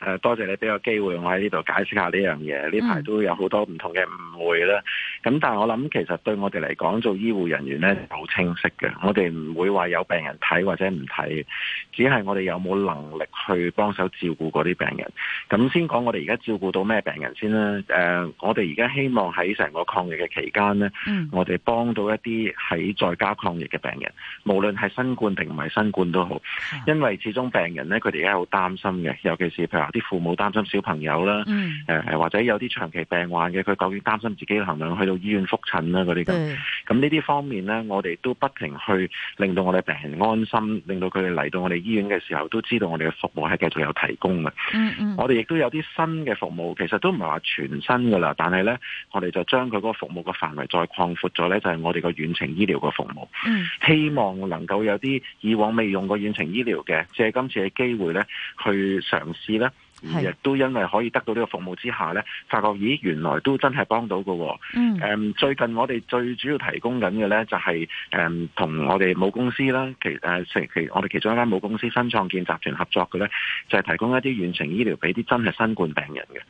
誒多謝你俾個機會，我喺呢度解釋下呢樣嘢。呢排都有好多唔同嘅誤會啦。咁、嗯、但係我諗，其實對我哋嚟講，做醫護人員呢係好清晰嘅、嗯。我哋唔會話有病人睇或者唔睇，只係我哋有冇能力去幫手照顧嗰啲病人。咁先講我哋而家照顧到咩病人先啦？誒、呃，我哋而家希望喺成個抗疫嘅期間呢、嗯，我哋幫到一啲喺在，在家抗疫嘅病人，無論係新冠定唔係新冠都好，因為始終病人呢，佢哋而家好擔心嘅，尤其是譬如啲父母擔心小朋友啦，誒、嗯、或者有啲長期病患嘅，佢究竟擔心自己嘅能量去到醫院覆診啦嗰啲咁，咁呢啲方面呢，我哋都不停去令到我哋病人安心，令到佢哋嚟到我哋醫院嘅時候都知道我哋嘅服務係繼續有提供嘅、嗯嗯。我哋亦都有啲新嘅服務，其實都唔係話全新㗎啦，但係呢，我哋就將佢嗰個服務嘅範圍再擴闊咗呢就係、是、我哋個遠程醫療嘅服務、嗯。希望能夠有啲以往未用過遠程醫療嘅，借今次嘅機會呢，去嘗試咧。亦都因為可以得到呢個服務之下呢，發覺咦，原來都真係幫到嘅、哦。嗯。最近我哋最主要提供緊嘅呢，就係、是、誒、嗯、同我哋母公司啦，其誒其我哋其中一間母公司新創建集團合作嘅呢就係、是、提供一啲遠程醫療俾啲真係新冠病人嘅。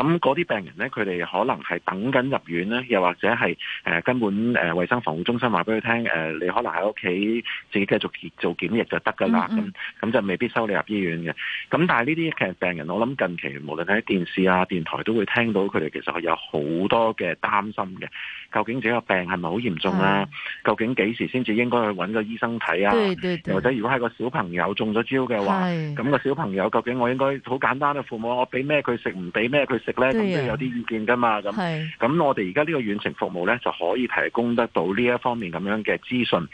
咁嗰啲病人呢，佢哋可能係等緊入院呢，又或者係誒、呃、根本誒、呃、衞生防護中心話俾佢聽誒，你可能喺屋企自己繼續做檢疫就得㗎啦。嗯，嗯。咁咁就未必收你入醫院嘅。咁但係呢啲其實病人。我諗近期無論喺電視啊、電台都會聽到佢哋其實係有好多嘅擔心嘅，究竟自己個病係咪好嚴重啊？究竟幾時先至應該去揾個醫生睇啊對對對？或者如果係個小朋友中咗招嘅話，咁、那個小朋友究竟我應該好簡單嘅父母我俾咩佢食唔俾咩佢食呢？咁都有啲意見噶嘛？咁咁我哋而家呢個遠程服務呢，就可以提供得到呢一方面咁樣嘅資訊。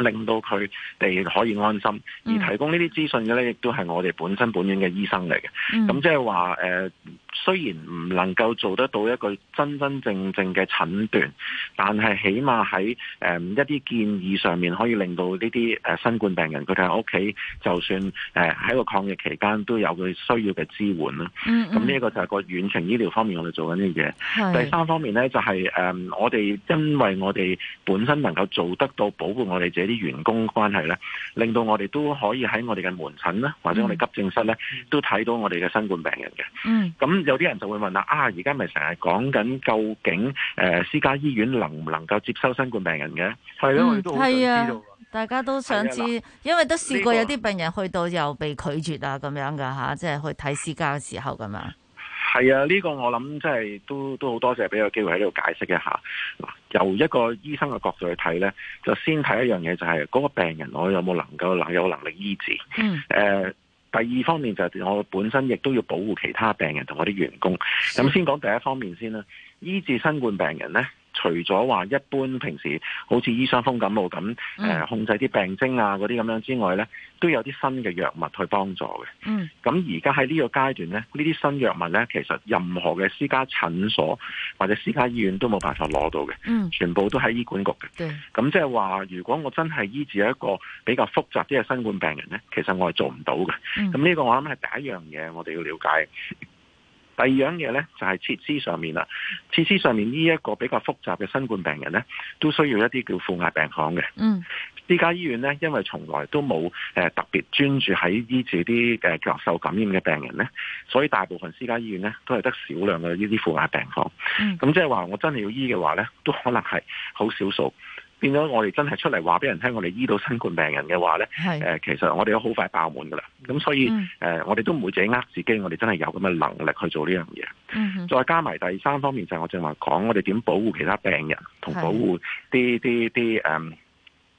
令到佢哋可以安心，而提供呢啲資訊嘅咧，亦都係我哋本身本院嘅醫生嚟嘅。咁即係話誒雖然唔能夠做得到一個真真正正嘅診斷，但係起碼喺誒、呃、一啲建議上面，可以令到呢啲誒新冠病人佢哋喺屋企，就算誒喺個抗疫期間都有佢需要嘅支援啦。咁呢一個就係個遠程醫療方面我哋做緊啲嘢。第三方面咧就係、是、誒、呃、我哋因為我哋本身能夠做得到保護我哋自己。啲員工關係咧，令到我哋都可以喺我哋嘅門診啦，或者我哋急症室咧，都睇到我哋嘅新冠病人嘅。嗯，咁有啲人就會問啦、啊，啊，而家咪成日講緊，究竟誒私家醫院能唔能夠接收新冠病人嘅？係咯、嗯，我都好想知道、嗯啊、大家都想知、啊，因為都試過有啲病人去到又被拒絕啊，咁樣噶吓，即係去睇私家嘅時候咁樣。係啊，呢個我諗真係都都好多謝俾個機會喺呢度解釋一下。由一個醫生嘅角度去睇呢，就先睇一樣嘢，就係嗰個病人我有冇能夠有能力醫治。嗯。呃，第二方面就係我本身亦都要保護其他病人同我啲員工。咁先講第一方面先啦，醫治新冠病人呢。除咗話一般平時好似醫傷風感冒咁、呃，控制啲病徵啊嗰啲咁樣之外咧，都有啲新嘅藥物去幫助嘅。嗯，咁而家喺呢個階段咧，呢啲新藥物咧，其實任何嘅私家診所或者私家醫院都冇辦法攞到嘅。嗯，全部都喺醫管局嘅。對，咁即係話，如果我真係醫治一個比較複雜啲嘅新冠病人咧，其實我係做唔到嘅。咁、嗯、呢個我諗係第一樣嘢，我哋要了解。第二樣嘢咧，就係設施上面啦。設施上面呢，一個比較複雜嘅新冠病人咧，都需要一啲叫負壓病房嘅。嗯，私家醫院咧，因為從來都冇誒，特別專注喺醫治啲誒，受感染嘅病人咧，所以大部分私家醫院咧都係得少量嘅呢啲負壓病房。嗯，咁即係話我真係要醫嘅話咧，都可能係好少數。變咗我哋真係出嚟話俾人聽，我哋醫到新冠病人嘅話咧，誒，其實我哋都好快爆滿㗎喇。咁所以誒、嗯呃，我哋都唔會自己呃自己，我哋真係有咁嘅能力去做呢樣嘢。再加埋第三方面就係、是、我正話講，我哋點保護其他病人同保護啲啲啲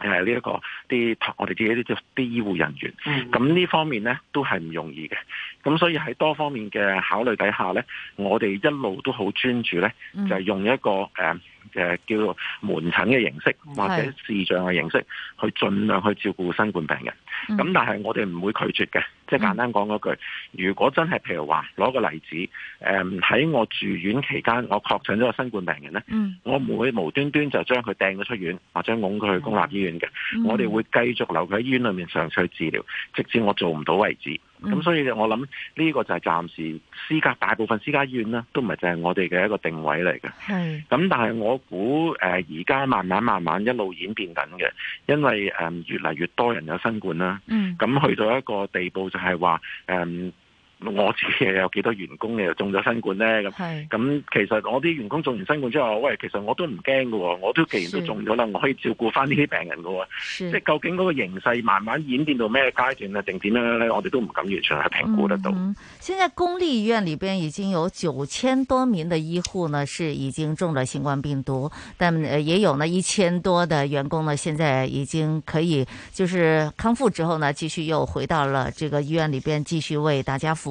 誒，呢一個啲我哋自己啲啲醫護人員。咁呢方面咧都係唔容易嘅。咁所以喺多方面嘅考慮底下咧，我哋一路都好專注咧，就係、是、用一個誒。嗯嗯誒，叫做門診嘅形式，或者視像嘅形式，去盡量去照顧新冠病人。咁、嗯、但係我哋唔會拒絕嘅，即、就、係、是、簡單講嗰句、嗯，如果真係譬如話攞個例子，誒、嗯、喺我住院期間我確診咗個新冠病人咧、嗯，我唔會無端端就將佢掟咗出院或者㧬佢去公立醫院嘅、嗯，我哋會繼續留佢喺醫院裏面嘗試去治療，直至我做唔到為止。咁、嗯嗯、所以我諗呢個就係暫時私家大部分私家醫院啦，都唔係淨係我哋嘅一個定位嚟嘅。咁但係我估誒而家慢慢慢慢一路演變緊嘅，因為誒、呃、越嚟越多人有新冠啦。嗯，咁去到一個地步，就係話：誒、嗯。我自己有幾多員工又中咗新冠呢？咁咁其實我啲員工中完新冠之後，喂，其實我都唔驚嘅喎，我都既然都中咗啦，我可以照顧翻呢啲病人嘅喎。即係究竟嗰個形勢慢慢演變到咩階段啊？定點樣咧？我哋都唔敢完全去評估得到、嗯嗯。現在公立醫院裏邊已經有九千多名嘅醫護呢，是已經中咗新冠病毒，但也有呢一千多的員工呢，現在已經可以就是康復之後呢，繼續又回到了這個醫院裏邊，繼續為大家服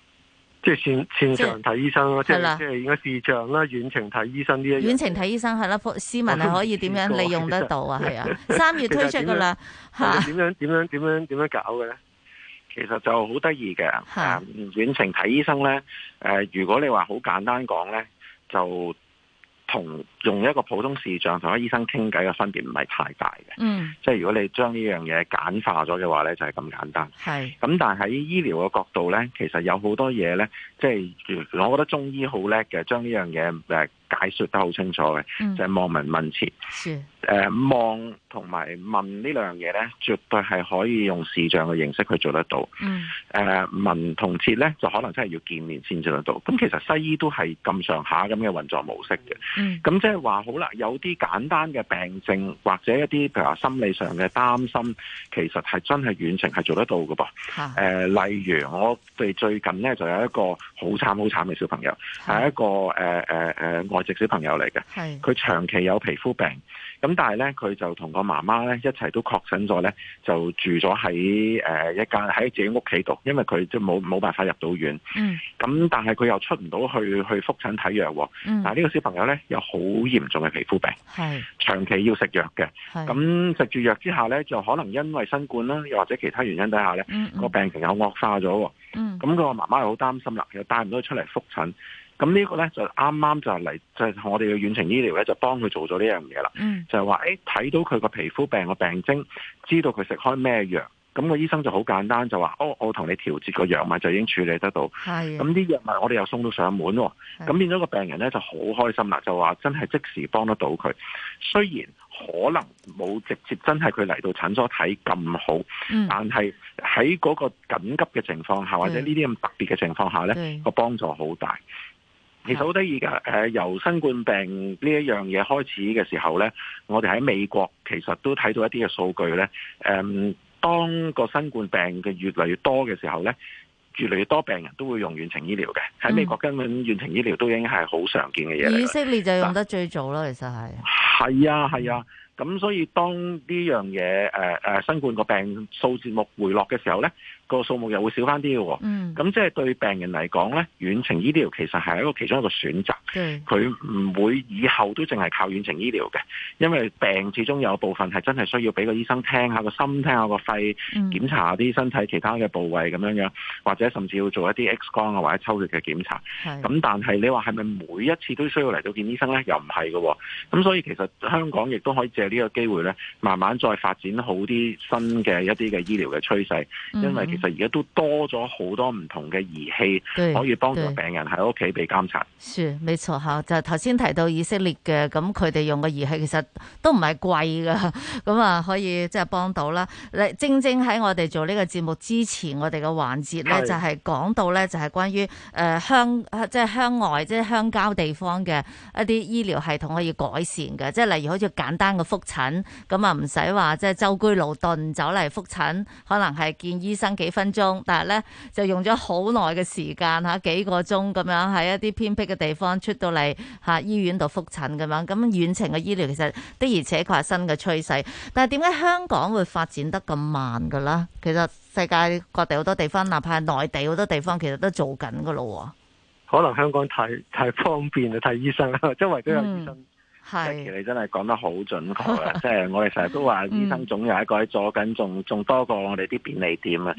即係線線上睇醫生咯，即係即係而家視像啦，遠程睇醫生呢一遠程睇醫生係啦，市民係可以點樣利用得到啊？係啊，三月推出噶啦吓。點樣點樣點樣點樣搞嘅咧？其實就好得意嘅吓，遠程睇醫生咧，誒，如果你話好簡單講咧，就。同用一個普通視像同個醫生傾偈嘅分別唔係太大嘅、嗯，即係如果你將呢樣嘢簡化咗嘅話咧，就係咁簡單。係，咁但係喺醫療嘅角度咧，其實有好多嘢咧，即係我覺得中醫好叻嘅，將呢樣嘢誒。解説得好清楚嘅，嗯，就係，是，望聞問切，呃、望聞問切，誒望同埋問呢兩樣嘢咧，絕對係可以用視像嘅形式去做得到。誒、嗯呃、聞同切咧，就可能真係要見面先做得到。咁、嗯、其實西醫都係咁上下咁嘅運作模式嘅。咁即係話好啦，有啲簡單嘅病症或者一啲譬如話心理上嘅擔心，其實係真係遠程係做得到㗎噃。誒、啊呃，例如我哋最近咧就有一個好慘好慘嘅小朋友，係、啊啊、一個誒誒誒隻小朋友嚟嘅，佢長期有皮膚病，咁但係咧佢就同個媽媽咧一齊都確診咗咧，就住咗喺誒一間喺自己屋企度，因為佢即冇冇辦法入到院。嗯，咁但係佢又出唔到去去復診睇藥。嗯，但係呢個小朋友咧有好嚴重嘅皮膚病，係、嗯、長期要食藥嘅。係，咁食住藥之下咧就可能因為新冠啦，又或者其他原因底下咧，個、嗯嗯、病情又惡化咗。嗯、嗯，咁個媽媽又好擔心啦，又帶唔到佢出嚟復診。咁呢個咧就啱啱就係嚟，就係、就係、我哋嘅遠程醫療咧就幫佢做咗呢樣嘢啦。嗯，就係話誒，睇到佢個皮膚病個病徵，知道佢食開咩藥，咁、個醫生就好簡單就話，哦，我同你調節個藥物就已經處理得到。係。咁啲藥物我哋又送到上門，咁變咗個病人咧就好開心啦，就話真係即時幫得到佢。雖然可能冇直接真係佢嚟到診所睇咁好，嗯、但係喺嗰個緊急嘅情況下，嗯、或者呢啲咁特別嘅情況下咧，個幫助好大。其實好得意㗎，誒、呃，由新冠病呢一樣嘢開始嘅時候呢，我哋喺美國其實都睇到一啲嘅數據呢，誒、嗯，當個新冠病嘅越嚟越多嘅時候呢，越嚟越多病人都會用遠程醫療嘅。喺美國根本遠程醫療都已經係好常見嘅嘢，以色列就用得最早啦，其實係。係啊係啊，咁、啊啊、所以當呢樣嘢，誒、呃、誒，新冠個病數字目回落嘅時候呢。個數目又會少翻啲嘅，咁、嗯、即係對病人嚟講呢，遠程醫療其實係一個其中一個選擇。佢唔會以後都淨係靠遠程醫療嘅，因為病始終有部分係真係需要俾個醫生聽下個心，聽下個肺，檢查下啲身體其他嘅部位咁樣樣、嗯，或者甚至要做一啲 X 光啊或者抽血嘅檢查。咁但係你話係咪每一次都需要嚟到見醫生呢？又唔係嘅，咁所以其實香港亦都可以借呢個機會呢，慢慢再發展好啲新嘅一啲嘅醫療嘅趨勢，嗯、因為。而家都多咗好多唔同嘅儀器，可以幫助病人喺屋企被監察。是，沒錯吓。就頭先提到以色列嘅，咁佢哋用嘅儀器其實都唔係貴噶，咁啊可以即係幫到啦。你正正喺我哋做呢個節目之前，我哋嘅環節咧就係講到咧，就係關於誒鄉即係、就是、鄉外即係、就是、鄉郊地方嘅一啲醫療系統可以改善嘅，即、就、係、是、例如好似簡單嘅複診，咁啊唔使話即係舟車勞頓走嚟複診，可能係見醫生幾分鐘，但係咧就用咗好耐嘅時間吓，幾個鐘咁樣，喺一啲偏僻嘅地方出到嚟吓，啊，醫院度複診咁樣，咁遠程嘅醫療其實的而且確係新嘅趨勢。但係點解香港會發展得咁慢㗎啦？其實世界各地好多地方，哪怕係內地好多地方，其實都做緊噶啦。可能香港太太方便啊，睇醫生，周圍都有醫生。嗯係，其實你真係講得好準確啊。即係我哋成日都話，醫生總有一個喺左近，仲仲多過我哋啲便利店啊。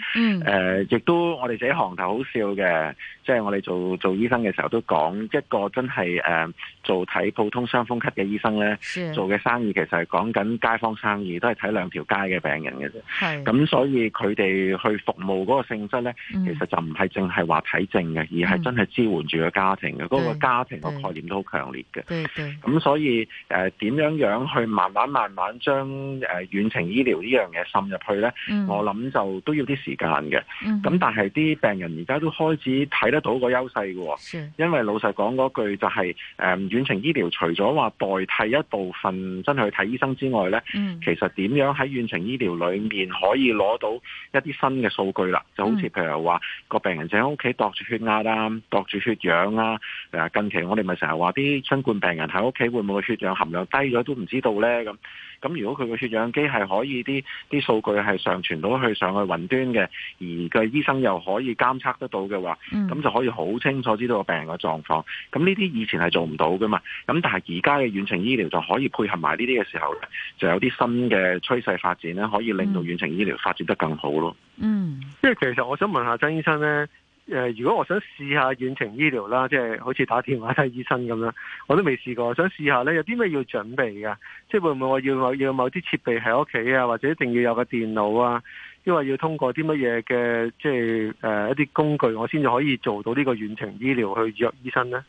誒、 呃，亦都我哋這行頭好笑嘅。即係我哋做做醫生嘅時候都講一個真係誒、呃、做睇普通傷風咳嘅醫生咧，做嘅生意其實係講緊街坊生意，都係睇兩條街嘅病人嘅啫。係咁，所以佢哋去服務嗰個性質咧、嗯，其實就唔係淨係話睇症嘅、嗯，而係真係支援住、嗯個家庭嘅，嗰個家庭個概念都好強烈嘅。對對，咁所以誒點樣樣去慢慢慢慢將誒遠程醫療呢樣嘢滲入去咧？我諗就都要啲時間嘅。咁、嗯、但係啲病人而家都開始睇得到個優勢嘅，因為老實講嗰句就係誒遠程醫療除咗話代替一部分真係去睇醫生之外呢、嗯、其實點樣喺遠程醫療裡面可以攞到一啲新嘅數據啦？就好似譬如話、嗯、個病人喺屋企度住血壓啊，度住血氧啊，誒近期我哋咪成日話啲新冠病人喺屋企會唔會血氧含量低咗都唔知道呢。咁。咁如果佢個血氧機係可以啲啲數據係上傳到去上去雲端嘅，而個醫生又可以監測得到嘅話，咁就可以好清楚知道個病人個狀況。咁呢啲以前係做唔到噶嘛。咁但係而家嘅遠程醫療就可以配合埋呢啲嘅時候就有啲新嘅趨勢發展咧，可以令到遠程醫療發展得更好咯。嗯，即係其實我想問下曾醫生咧。誒、呃，如果我想試下遠程醫療啦，即係好似打電話睇醫生咁樣，我都未試過，想試下呢，有啲咩要準備噶？即係會唔會我要某要某啲設備喺屋企啊，或者一定要有個電腦啊？因為要通過啲乜嘢嘅，即係誒、呃、一啲工具，我先至可以做到呢個遠程醫療去約醫生呢？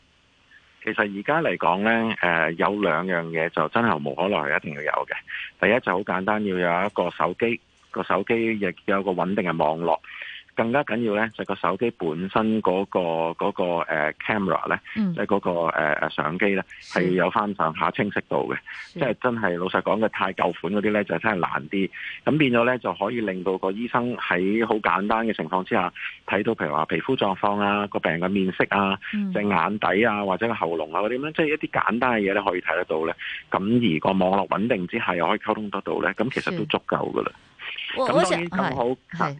其實而家嚟講呢，誒、呃、有兩樣嘢就真係無可能係一定要有嘅。第一就好簡單，要有一個手機，個手機亦有個穩定嘅網絡。更加緊要咧，就個手機本身嗰個嗰個誒 camera 咧、嗯，即係嗰個誒誒相機咧，係有翻上下清晰度嘅。即係真係老實講嘅，太舊款嗰啲咧，就真係難啲。咁變咗咧，就可以令到個醫生喺好簡單嘅情況之下，睇到譬如話皮膚狀況啊，個病人嘅面色啊，隻、嗯、眼底啊，或者個喉嚨啊嗰啲咁樣，即係一啲簡單嘅嘢咧，可以睇得到咧。咁而個網絡穩定之下又可以溝通得到咧，咁其實都足夠噶啦。咁當然更好，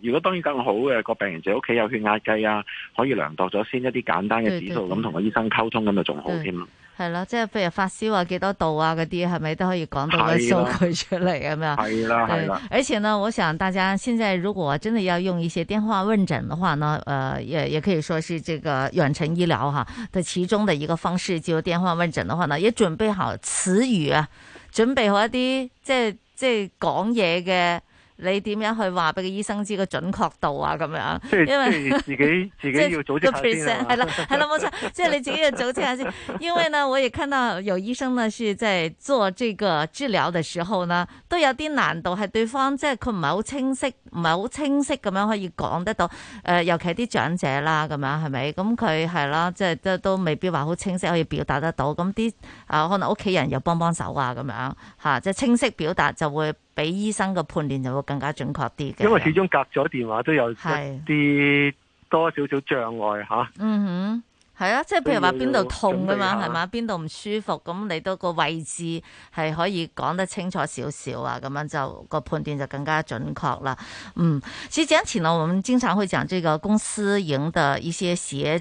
如果當然更好嘅，個病人就屋企有血壓計啊，可以量度咗先一啲簡單嘅指數，咁同個醫生溝通，咁就仲好添。係啦，即係譬如發燒啊，幾多度啊，嗰啲係咪都可以講到個數據出嚟咁樣？係啦係啦。而且呢，我想大家，現在如果真係要用一些電話問診嘅話呢，誒、呃，也也可以說是這個遠程醫療哈的其中的一個方式，就電話問診嘅話呢，也準備好詞語啊，準備好一啲即係即係講嘢嘅。你點樣去話俾個醫生知個準確度啊？咁樣，即係因為自己 自己要組織下先，係啦， 係啦，冇錯，即係你自己要組織下先。因為呢，我亦看到有醫生呢，是即係做這個治療嘅時候呢，都有啲難度，係對方即係佢唔係好清晰，唔係好清晰咁樣可以講得到。誒、呃，尤其係啲長者啦，咁樣係咪？咁佢係啦，即係都都未必話好清晰可以表達得到。咁啲啊，可能屋企人又幫幫手啊，咁樣嚇，即、啊、係、就是、清晰表達就會。俾醫生嘅判斷就會更加準確啲嘅，因為始終隔咗電話都有啲多少少障礙嚇。嗯哼，係啊，即係譬如話邊度痛嘅嘛，係嘛，邊度唔舒服，咁你都個位置係可以講得清楚少少啊，咁樣就個判斷就更加準確啦。嗯，所以之前呢，我們經常會講這個公司影的一些寫。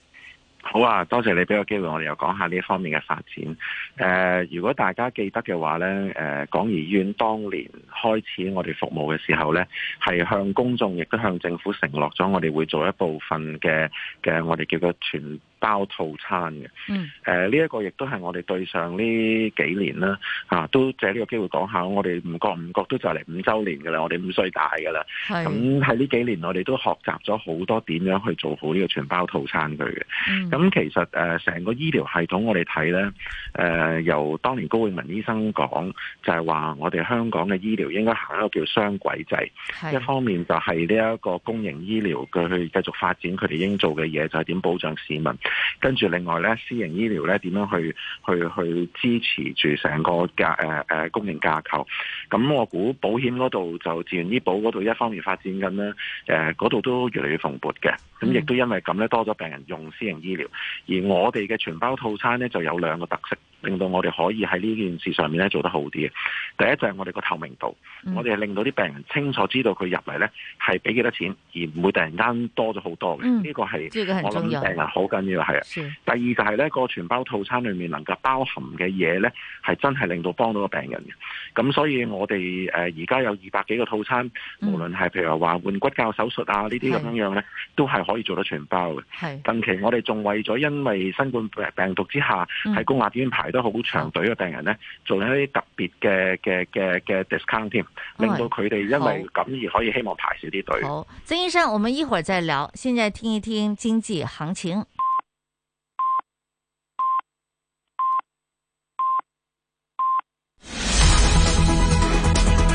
好啊，多謝你俾個機會，我哋又講下呢方面嘅發展。誒、呃，如果大家記得嘅話呢誒，港怡醫院當年開始我哋服務嘅時候呢係向公眾亦都向政府承諾咗，我哋會做一部分嘅嘅，我哋叫做全。包套餐嘅，誒呢一個亦都係我哋對上呢幾年啦，嚇、啊、都借呢個機會講下，我哋唔覺唔覺都就嚟五週年噶啦，我哋五歲大噶啦，咁喺呢幾年我哋都學習咗好多點樣去做好呢個全包套餐佢嘅，咁、嗯嗯、其實誒成、呃、個醫療系統我哋睇呢誒由當年高永文醫生講就係話，我哋香港嘅醫療應該行一個叫雙軌制，一方面就係呢一個公營醫療佢去繼續發展佢哋應做嘅嘢，就係、是、點保障市民。跟住另外咧，私人醫療咧點樣去去去支持住成個價誒誒供應架構。咁我估保險嗰度就自願醫保嗰度一方面發展緊啦，嗰、呃、度都越嚟越蓬勃嘅，咁亦都因為咁咧多咗病人用私營醫療，嗯、而我哋嘅全包套餐咧就有兩個特色，令到我哋可以喺呢件事上面咧做得好啲嘅。第一就係我哋個透明度，嗯、我哋係令到啲病人清楚知道佢入嚟咧係俾幾多錢，而唔會突然間多咗好多嘅。呢、嗯這個係、這個、我諗病人好緊要係啊。第二就係咧個全包套餐裏面能夠包含嘅嘢咧係真係令到幫到個病人嘅。咁所以我。我哋誒，而家有二百幾個套餐，無論係譬如話換骨骹手術啊呢啲咁樣樣咧，都係可以做到全包嘅。係近期我哋仲為咗因為新冠病病毒之下喺、嗯、公立醫院排得好長隊嘅病人咧，做咗一啲特別嘅嘅嘅嘅 discount，令到佢哋因為咁而可以希望排少啲隊。好，曾醫生，我們一會兒再聊，現在聽一聽經濟行情。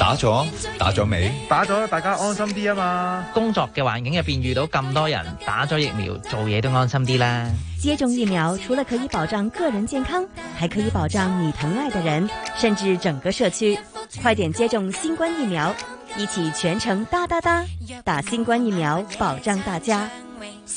打咗，打咗未？打咗，大家安心啲啊嘛！工作嘅環境入邊遇到咁多人，打咗疫苗，做嘢都安心啲啦。接種疫苗除了可以保障個人健康，還可以保障你疼愛的人，甚至整個社區。快點接種新冠疫苗，一起全程噠噠噠，打新冠疫苗，保障大家。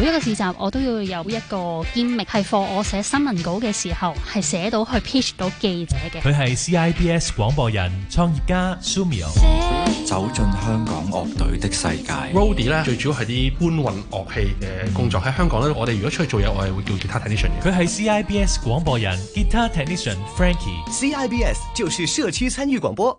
每一個市集我都要有一個 gimmick，係放我寫新聞稿嘅時候，係寫到去 pitch 到記者嘅。佢係 CIBS 廣播人，創業家 Sumio，走進香港樂隊的世界。Rody 咧，最主要係啲搬運樂器嘅工作喺香港咧。我哋如果出去做嘢，我哋會叫 guitar technician 嘅。佢係 CIBS 廣播人，guitar technician Frankie。CIBS 就是社區參與廣播。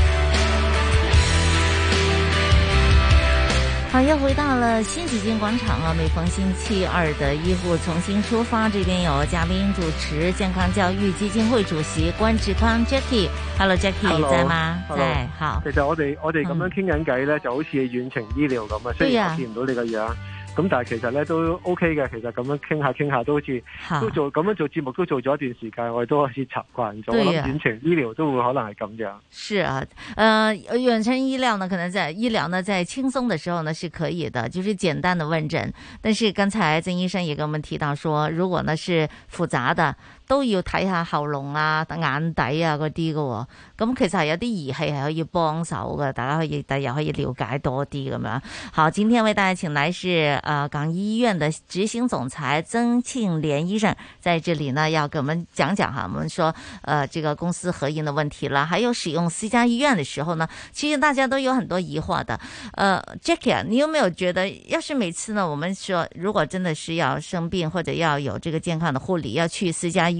好、啊，又回到了新紫荊廣場啊！每逢星期二的醫護從心出發，這邊有嘉賓主持，健康教育基金會主席關志康 Jacky，Hello Jacky，你在嗎？在。好。其實我哋我哋咁樣傾緊偈咧，就好似遠程醫療咁啊，所以見唔到你個樣。咁但係其實咧都 O K 嘅，其實咁樣傾下傾下都好似都做咁樣做節目都做咗一段時間，我哋都開始習慣咗。我諗遠程醫療都會可能係咁樣。是啊，誒、呃，遠程醫療呢，可能在醫療呢，在輕鬆嘅時候呢，是可以的，就是簡單的問診。但是剛才曾醫生也跟我們提到說，如果呢是複雜的。都要睇下喉嚨啊、眼底啊嗰啲嘅，咁其實係有啲儀器係可以幫手嘅，大家可以大家可以了解多啲咁樣。好，今天為大家請來是啊、呃，港醫院的執行總裁曾慶亷醫生，在這裡呢要跟我們講講哈，我們說，呃，這個公私合營的問題啦，還有使用私家醫院的時候呢，其實大家都有很多疑惑的。呃，Jackie，你有沒有覺得，要是每次呢，我們說如果真的是要生病或者要有這個健康的護理，要去私家醫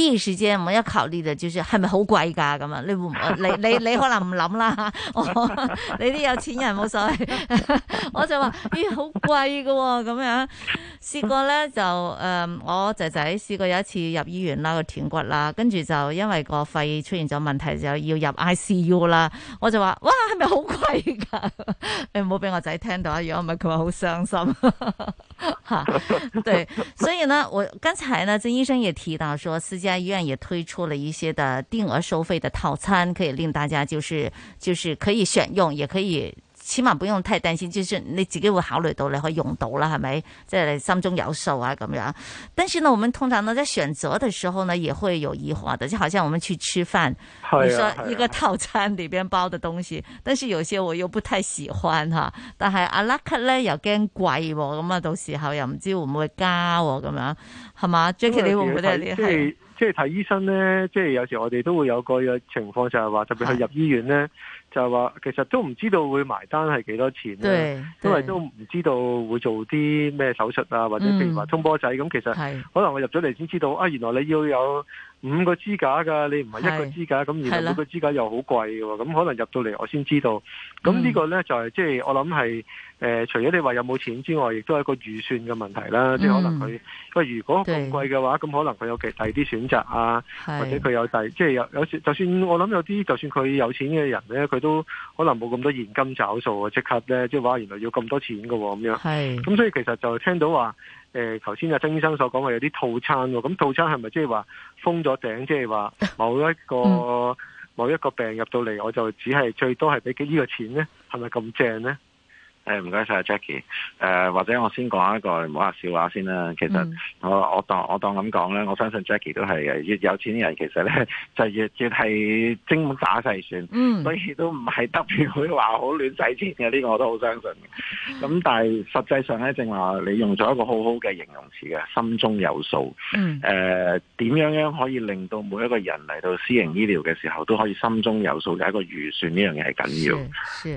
啲時間我一考慮就係，係咪好貴噶咁啊？你你你,你可能唔諗啦，你啲有錢人冇所謂、 哎哦嗯。我就話咦，好貴噶咁樣。試過咧就誒，我仔仔試過有一次入醫院啦，個斷骨啦，跟住就因為個肺出現咗問題就要入 ICU 啦。我就話哇，係咪好貴噶？ 你唔好俾我仔聽到啊，如果唔係佢話好傷心。吓、 啊，對，所以呢，我剛才呢，鄭醫生亦提到我說醫院也推出了一些的定額收費的套餐，可以令大家就是就是可以選用，也可以起碼不用太擔心，就是你自己會考慮到你可以用到啦，係咪？即係心中有數啊咁樣。但是呢，我們通常呢在選擇的時候呢，也會有疑惑的，就好像我們去吃飯，啊，你說一個套餐裏邊包的東西，啊、但是有些我又不太喜歡哈。但係阿拉克咧又驚貴喎，咁啊到時候又唔知會唔會加我咁樣，係嘛？Jackie，你會唔會係？即係睇醫生呢，即係有時我哋都會有個情況就係話，特別去入醫院呢，是就係話其實都唔知道會埋單係幾多錢，對、對，因為都唔知道會做啲咩手術啊，或者譬如話通波仔咁，嗯、其實可能我入咗嚟先知道啊，原來你要有五個支架噶，你唔係一個支架，咁然後每個支架又好貴嘅，咁可能入到嚟我先知道，咁、嗯、呢個呢、就是，就係即係我諗係。呃、除咗你話有冇錢之外，亦都係一個預算嘅問題啦。嗯、即係可能佢，因為如果咁貴嘅話，咁可能佢有其第二啲選擇啊，或者佢有第，即係有有就算我諗有啲，就算佢有，有錢嘅人呢，佢都可能冇咁多現金找數啊，即刻呢，即係話原來要咁多錢嘅喎、啊，咁樣。咁所以其實就聽到話，誒頭先阿曾醫生所講話有啲套餐喎、哦，咁套餐係咪 即係話封咗頂，即係話某一個、嗯、某一個病入到嚟，我就只係最多係俾呢個錢呢？係咪咁正呢？誒、哎，唔該晒 Jackie。誒、呃，或者我先講一個，唔好話笑話先啦。其實我、嗯、我當我當咁講咧，我相信 Jackie 都係嘅。越有錢啲人其實咧，就越越係精打細算、嗯，所以都唔係特別會話好亂使錢嘅。呢、這個我都好相信。咁但係實際上咧，正話你用咗一個好好嘅形容詞嘅，心中有數。誒、嗯，點、呃、樣樣可以令到每一個人嚟到私營醫療嘅時候都可以心中有數，就一個預算呢樣嘢係緊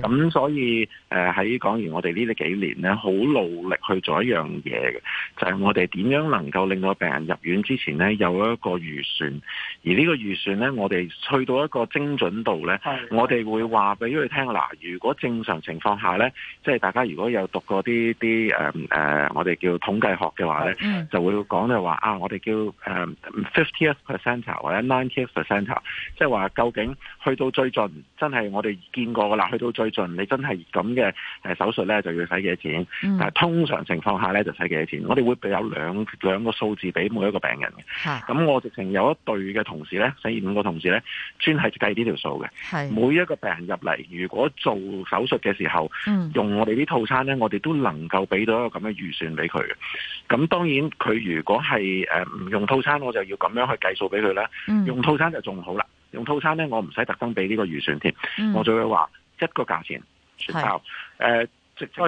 要。咁所以。誒、呃、喺講完我哋呢啲幾年咧，好努力去做一樣嘢嘅，就係、是、我哋點樣能夠令到病人入院之前咧有一個預算，而個預算呢個預算咧，我哋去到一個精準度咧，我哋會話俾佢聽嗱，如果正常情況下咧，即係大家如果有讀過啲啲誒誒我哋叫統計學嘅話咧，就會講就話啊，我哋叫誒 50th percent 或者 90th percent，即係話究竟去到最盡，真係我哋見過啦，去到最盡，你真係咁嘅。誒手術咧就要使幾多錢？但、嗯、係通常情況下咧就使幾多錢？我哋會有兩兩個數字俾每一個病人嘅。咁我直情有一對嘅同事咧，使五個同事咧，專係計呢條數嘅。每一個病人入嚟，如果做手術嘅時候，嗯、用我哋啲套餐咧，我哋都能夠俾到一個咁嘅預算俾佢嘅。咁當然佢如果係誒唔用套餐，我就要咁樣去計數俾佢啦。用套餐就仲好啦，用套餐咧我唔使特登俾呢個預算添、嗯，我就會話一個價錢。全包，誒，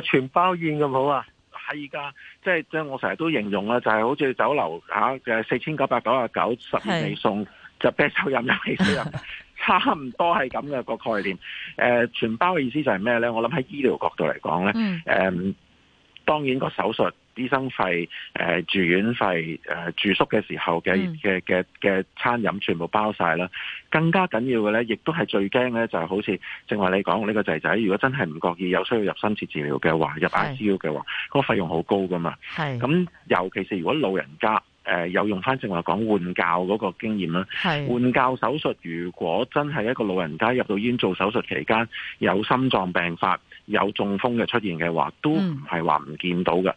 全包宴咁好啊？係而家，即係即係我成日都形容啦，就係、是、好似酒樓吓，四千九百九十九，十年未送，就啤酒飲又汽水飲， 差唔多係咁嘅個概念。誒、呃，全包嘅意思就係咩咧？我諗喺醫療角度嚟講咧，誒、嗯。嗯當然個手術、醫生費、誒、呃、住院費、誒、呃、住宿嘅時候嘅嘅嘅嘅餐飲全部包晒啦。更加緊要嘅咧，亦都係最驚咧，就係、是、好似正話你講呢個仔仔，如果真係唔覺意有需要入深切治療嘅話，入 ICU 嘅話，個費用好高噶嘛。係。咁尤其是如果老人家。誒、呃、有用翻正話講換教嗰個經驗啦，換教手術如果真係一個老人家入到醫院做手術期間，有心臟病發有中風嘅出現嘅話，都唔係話唔見到嘅。咁、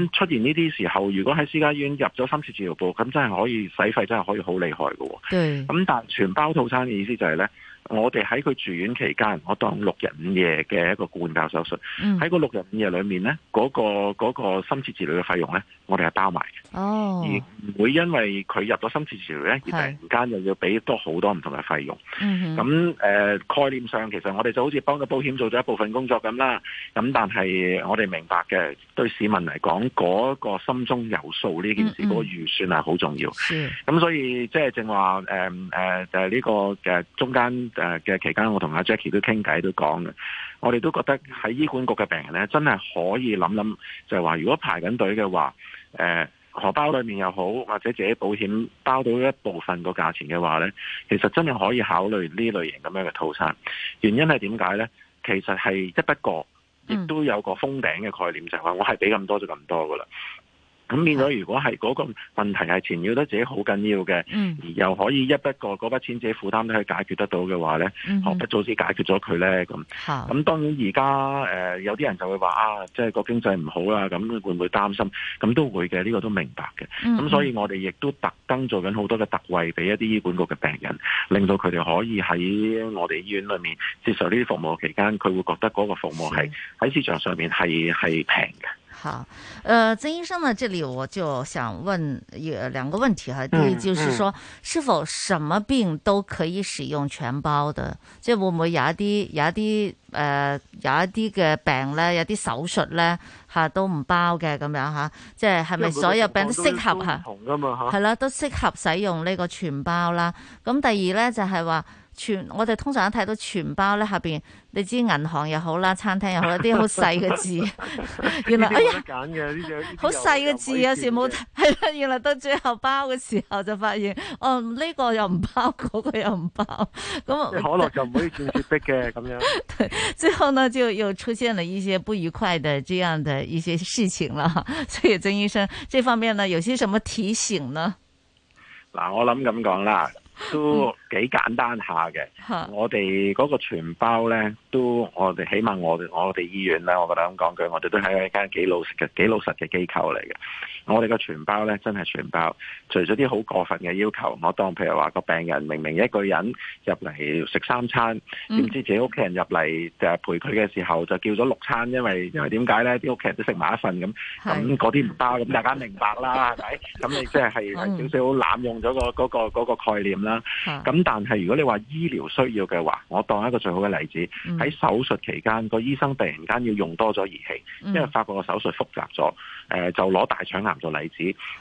嗯、出現呢啲時候，如果喺私家醫院入咗深切治療部，咁真係可以使費，真係可以好厲害喎。咁但全包套餐嘅意思就係咧。我哋喺佢住院期間，我當六日五夜嘅一個冠狀手術，喺、嗯、個六日五夜裏面咧，嗰、那個嗰、那個、深切治療嘅費用咧，我哋係包埋嘅。哦，而唔會因為佢入咗深切治療咧，而突然間又要俾多好多唔同嘅費用。咁誒、嗯呃、概念上其實我哋就好似幫個保險做咗一部分工作咁啦。咁但係我哋明白嘅對市民嚟講，嗰、那個心中有數呢件事，嗯那個預算係好重要。咁所以即係正話誒誒就係呢個嘅、呃、中間。誒嘅期間，我同阿 Jackie 都傾偈，都講嘅，我哋都覺得喺醫管局嘅病人咧，真係可以諗諗，就係話如果排緊隊嘅話，誒荷包裏面又好，或者自己保險包到一部分個價錢嘅話咧，其實真係可以考慮呢類型咁樣嘅套餐。原因係點解咧？其實係一不過，亦都有個封頂嘅概念，就係話我係俾咁多就咁多噶啦。咁變咗，如果係嗰個問題係纏繞得自己好緊要嘅，嗯，而又可以一筆過嗰筆錢自己負擔都可以解決得到嘅話咧、嗯，何不早啲解決咗佢咧？咁，咁當然而家誒有啲人就會話啊，即、就、係、是、個經濟唔好啦、啊，咁會唔會擔心？咁都會嘅，呢、這個都明白嘅。咁、嗯、所以我哋亦都特登做緊好多嘅特惠俾一啲醫管局嘅病人，令到佢哋可以喺我哋醫院裏面接受呢啲服務期間，佢會覺得嗰個服務係喺市場上面係係平嘅。好，誒、呃，曾醫生呢？這裡我就想問有兩個問題。第一、嗯、就是說、嗯，是否什麼病都可以使用全包的？即係會唔會有一啲有一啲誒、呃、有一啲嘅病咧，有啲手術咧吓都唔包嘅咁樣吓？即係係咪所有病都適合吓？係、嗯、啦、嗯，都適合使用呢個全包啦。咁第二咧就係、是、話。全我哋通常都睇到全包咧，下邊你知銀行又好啦，餐廳又好啦，一啲好細嘅字， 原、哎字，原來哎呀，好細嘅字，有時冇睇係啦，原來到最後包嘅時候就發現，哦 呢、嗯這個又唔包，嗰、那個又唔包，咁可樂就唔可以做絕逼嘅咁樣 對。最後呢，就又出現了一些不愉快嘅這樣嘅一些事情啦。所以曾醫生，這方面呢，有些什麼提醒呢？嗱、嗯，我諗咁講啦，都。幾簡單下嘅，我哋嗰個全包咧，都我哋起碼我我哋醫院咧，我覺得咁講句，我哋都係一間幾老實嘅幾老實嘅機構嚟嘅。我哋個全包咧真係全包，除咗啲好過分嘅要求，我當譬如話個病人明明一個人入嚟食三餐，點知自己屋企人入嚟就係陪佢嘅時候就叫咗六餐，因為因為點解咧？啲屋企人都食埋一份咁，咁嗰啲唔包，咁大家明白啦，係 咪？咁你即係係少少濫用咗、個嗰個、嗰個、嗰個概念啦，咁。咁但係如果你話醫療需要嘅話，我當一個最好嘅例子，喺手術期間個醫生突然間要用多咗儀器，因為發國發覺個手術複雜咗，誒就攞大腸癌做例子，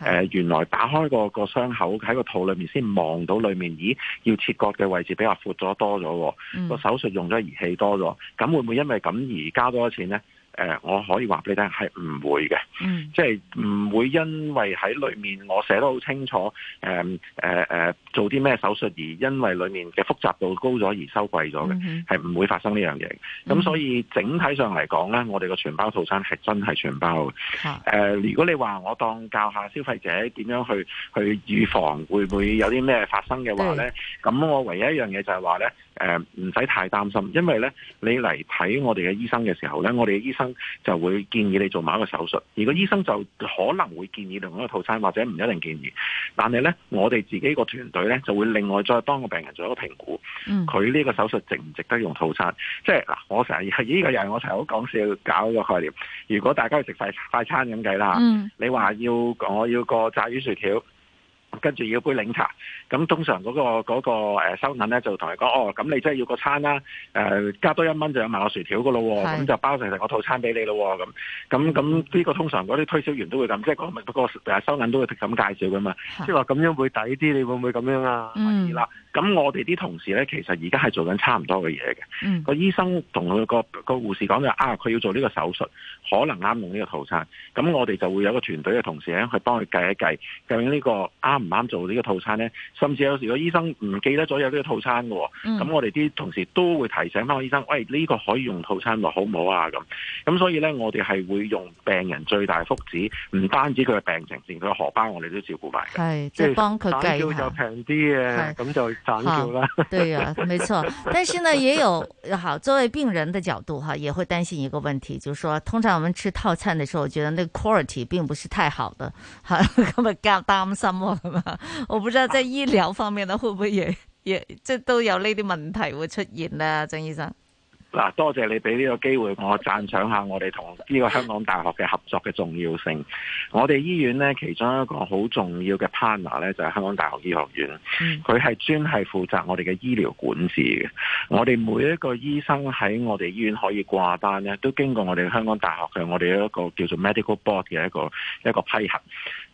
誒原來打開個個傷口喺個肚裏面先望到裏面，咦要切割嘅位置比較闊咗多咗，個手術用咗儀器多咗，咁會唔會因為咁而加多錢呢？誒，我可以話俾你聽，係唔會嘅、嗯，即係唔會因為喺裡面我寫得好清楚，誒誒誒，做啲咩手術而因為裡面嘅複雜度高咗而收貴咗嘅，係、嗯、唔會發生呢樣嘢。咁、嗯、所以整體上嚟講咧，我哋個全包套餐係真係全包嘅。誒、啊呃，如果你話我當教下消費者點樣去去預防，會唔會有啲咩發生嘅話咧？咁、嗯、我唯一一樣嘢就係話咧，誒、呃，唔使太擔心，因為咧你嚟睇我哋嘅醫生嘅時候咧，我哋嘅醫生。就會建議你做某一個手術，如果醫生就可能會建議另一個套餐，或者唔一定建議。但係咧，我哋自己個團隊咧就會另外再幫個病人做一個評估，佢、嗯、呢個手術值唔值得用套餐？即係嗱，我成日呢個又係我成日好講笑搞一個概念。如果大家去食快快餐咁計啦，你話要我要個炸魚薯條。跟住要杯檸茶，咁通常嗰、嗰個嗰、嗰個嗰個呃、收銀咧就同佢講，哦，咁你真係要個餐啦，誒、呃、加多一蚊就有埋個薯條噶咯，咁就包成成個套餐俾你咯，咁咁咁呢個通常嗰啲推銷員都會咁，即係嗰、嗰個收銀都會咁介紹噶嘛，即係話咁樣會抵啲，你會唔會咁樣啊？嗯、啦，咁我哋啲同事咧，其實而家係做緊差唔多嘅嘢嘅，嗯，個醫生同佢個個護士講就啊，佢要做呢個手術，可能啱用呢個套餐，咁我哋就會有個團隊嘅同事咧去幫佢計一計，究竟呢、呢個啱。啊唔啱做呢個套餐咧，甚至有時個醫生唔記得咗有呢個套餐嘅，咁、嗯、我哋啲同事都會提醒翻個醫生，喂呢、這個可以用套餐落好唔好啊？咁咁所以咧，我哋係會用病人最大福祉，唔單止佢嘅病情，連佢嘅荷包我哋都照顧埋嘅，即係幫佢計。就平啲嘅，咁就省票啦。對啊，沒錯。 但是呢，也有好作為病人的角度哈，也會擔心一個問題，就是、說通常我們吃套餐的時候，我覺得那個 quality 並不是太好的，咁啊擔心我不知道即係醫療方面咧，會唔會亦即係都有呢啲問題會出現咧，張醫生？嗱，多謝你俾呢個機會，我讚賞下我哋同呢個香港大學嘅合作嘅重要性。我哋醫院咧其中一個好重要嘅 partner 咧就係香港大學醫學院，佢係專係負責我哋嘅醫療管治嘅。我哋每一個醫生喺我哋醫院可以掛單咧，都經過我哋香港大學嘅我哋一個叫做 medical board 嘅一個一個批核。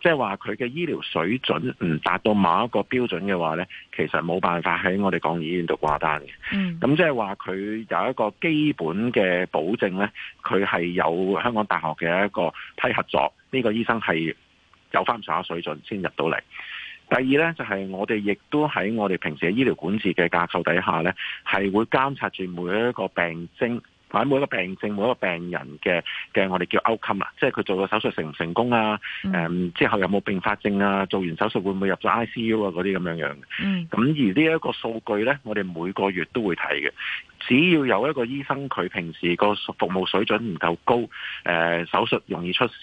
即係話佢嘅醫療水準唔達到某一個標準嘅話呢，其實冇辦法喺我哋港怡醫院度掛單嘅。嗯，咁即係話佢有一個基本嘅保證呢，佢係有香港大學嘅一個批合作，呢、這個醫生係有翻上水準先入到嚟。第二呢，就係、是、我哋亦都喺我哋平時嘅醫療管治嘅架構底下呢，係會監察住每一個病徵每一個病症、每一個病人嘅嘅，的我哋叫 Outcome 啦，即係佢做個手術成唔成功啊？誒、嗯，之後有冇併發症啊？做完手術會唔會入咗 ICU 啊？嗰啲咁樣樣。咁、嗯、而呢一個數據咧，我哋每個月都會睇嘅。只要有一個醫生，佢平時個服務水準唔夠高，誒、呃、手術容易出事，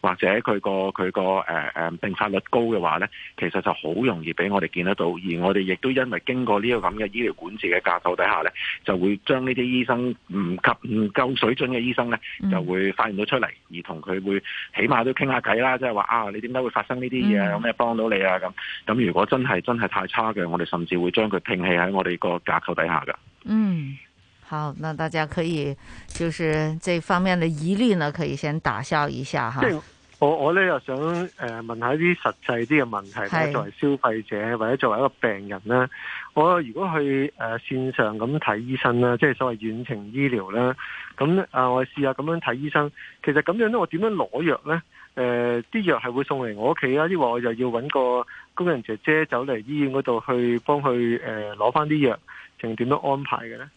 或者佢個佢個誒誒病發率高嘅話咧，其實就好容易俾我哋見得到。而我哋亦都因為經過呢個咁嘅醫療管治嘅架構底下咧，就會將呢啲醫生唔及唔夠水準嘅醫生咧，就會發現到出嚟，而同佢會起碼都傾下偈啦，即係話啊，你點解會發生呢啲嘢？有咩幫到你啊？咁咁如果真係真係太差嘅，我哋甚至會將佢摒棄喺我哋個架構底下㗎。嗯，好，那大家可以，就是這方面的疑慮呢，可以先打消一下吓，就是。我我咧又想誒、呃、問下一啲實際啲嘅問題，我作為消費者或者作為一個病人呢，我如果去誒、呃、線上咁睇醫生啦，即係所謂遠程醫療啦，咁啊、呃、我試下咁樣睇醫生，其實咁樣呢，我點樣攞藥呢？誒，啲藥係會送嚟我屋企啊，抑或我又要搵個工人姐姐走嚟醫院嗰度去幫佢誒攞翻啲藥？呃定點樣安排嘅咧？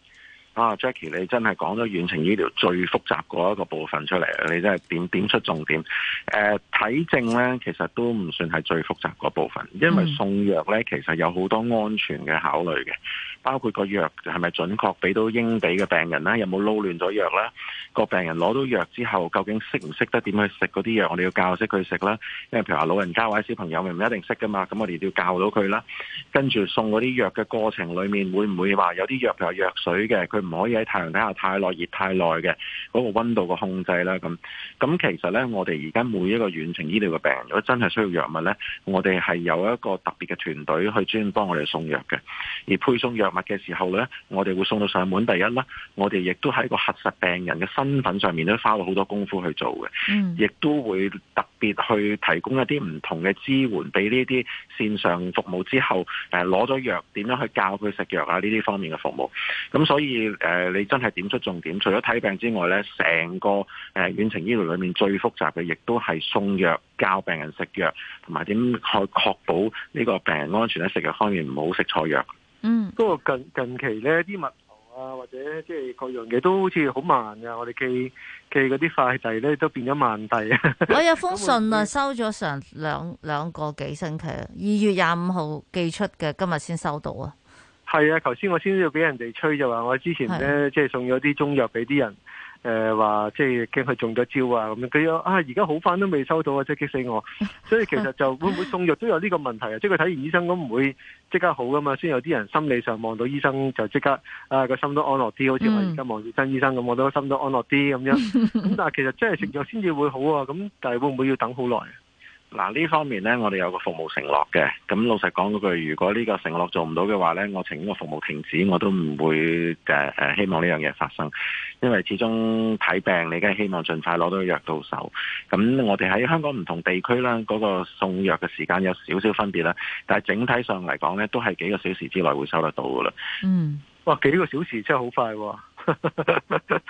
啊，Jackie，你真係講咗遠程醫療最複雜嗰一個部分出嚟，你真係點點出重點。誒、呃，體證咧其實都唔算係最複雜嗰部分，因為送藥咧其實有好多安全嘅考慮嘅，包括個藥係咪準確俾到應俾嘅病人啦，有冇撈亂咗藥啦？個病人攞到藥之後，究竟識唔識得點去食嗰啲藥？我哋要教識佢食啦。因為譬如話老人家或者小朋友，咪唔一定識噶嘛，咁我哋要教到佢啦。跟住送嗰啲藥嘅過程裏面，會唔會話有啲藥譬如藥水嘅佢？唔可以喺太陽底下太耐，熱太耐嘅嗰個温度嘅控制啦。咁咁其實咧，我哋而家每一個遠程醫療嘅病如果真係需要藥物咧，我哋係有一個特別嘅團隊去專幫我哋送藥嘅。而配送藥物嘅時候咧，我哋會送到上門。第一啦，我哋亦都喺個核實病人嘅身份上面都花咗好多功夫去做嘅。亦、嗯、都會特別去提供一啲唔同嘅支援俾呢啲線上服務之後，誒攞咗藥點樣去教佢食藥啊？呢啲方面嘅服務。咁所以。誒，你真係點出重點？除咗睇病之外咧，成個誒遠程醫療裏面最複雜嘅，亦都係送藥、教病人食藥，同埋點去確保呢個病人安全喺食藥方面唔好食錯藥。嗯，不過近近期咧，啲物啊，或者即係各樣嘢都好似好慢噶。我哋寄寄嗰啲快遞咧，都變咗慢遞啊！ 我有封信啊，收咗成兩兩個幾星期，啊，二月廿五號寄出嘅，今日先收到啊！係啊，頭先我先要俾人哋吹就話我之前咧即係送咗啲中藥俾啲人，誒話即係驚佢中咗招啊咁，佢又啊而家好翻都未收到啊，即係激死我。所以其實就會唔會送藥都有呢個問題啊，即係佢睇完醫生都會唔會即刻好噶嘛？先有啲人心理上望到醫生就即刻啊個心都安樂啲，好似我而家望住曾醫生咁、嗯，我都心都安樂啲咁樣。咁但係其實真係食藥先至會好啊，咁但係會唔會要等好耐、啊？嗱，呢方面呢，我哋有個服務承諾嘅。咁老實講句，如果呢個承諾做唔到嘅話呢，我情願個服務停止，我都唔會誒、呃、希望呢樣嘢發生。因為始終睇病你梗係希望盡快攞到藥到手。咁我哋喺香港唔同地區啦，嗰、個送藥嘅時間有少少分別啦。但係整體上嚟講呢，都係幾個小時之內會收得到噶啦。嗯，哇，幾個小時真係好快、啊。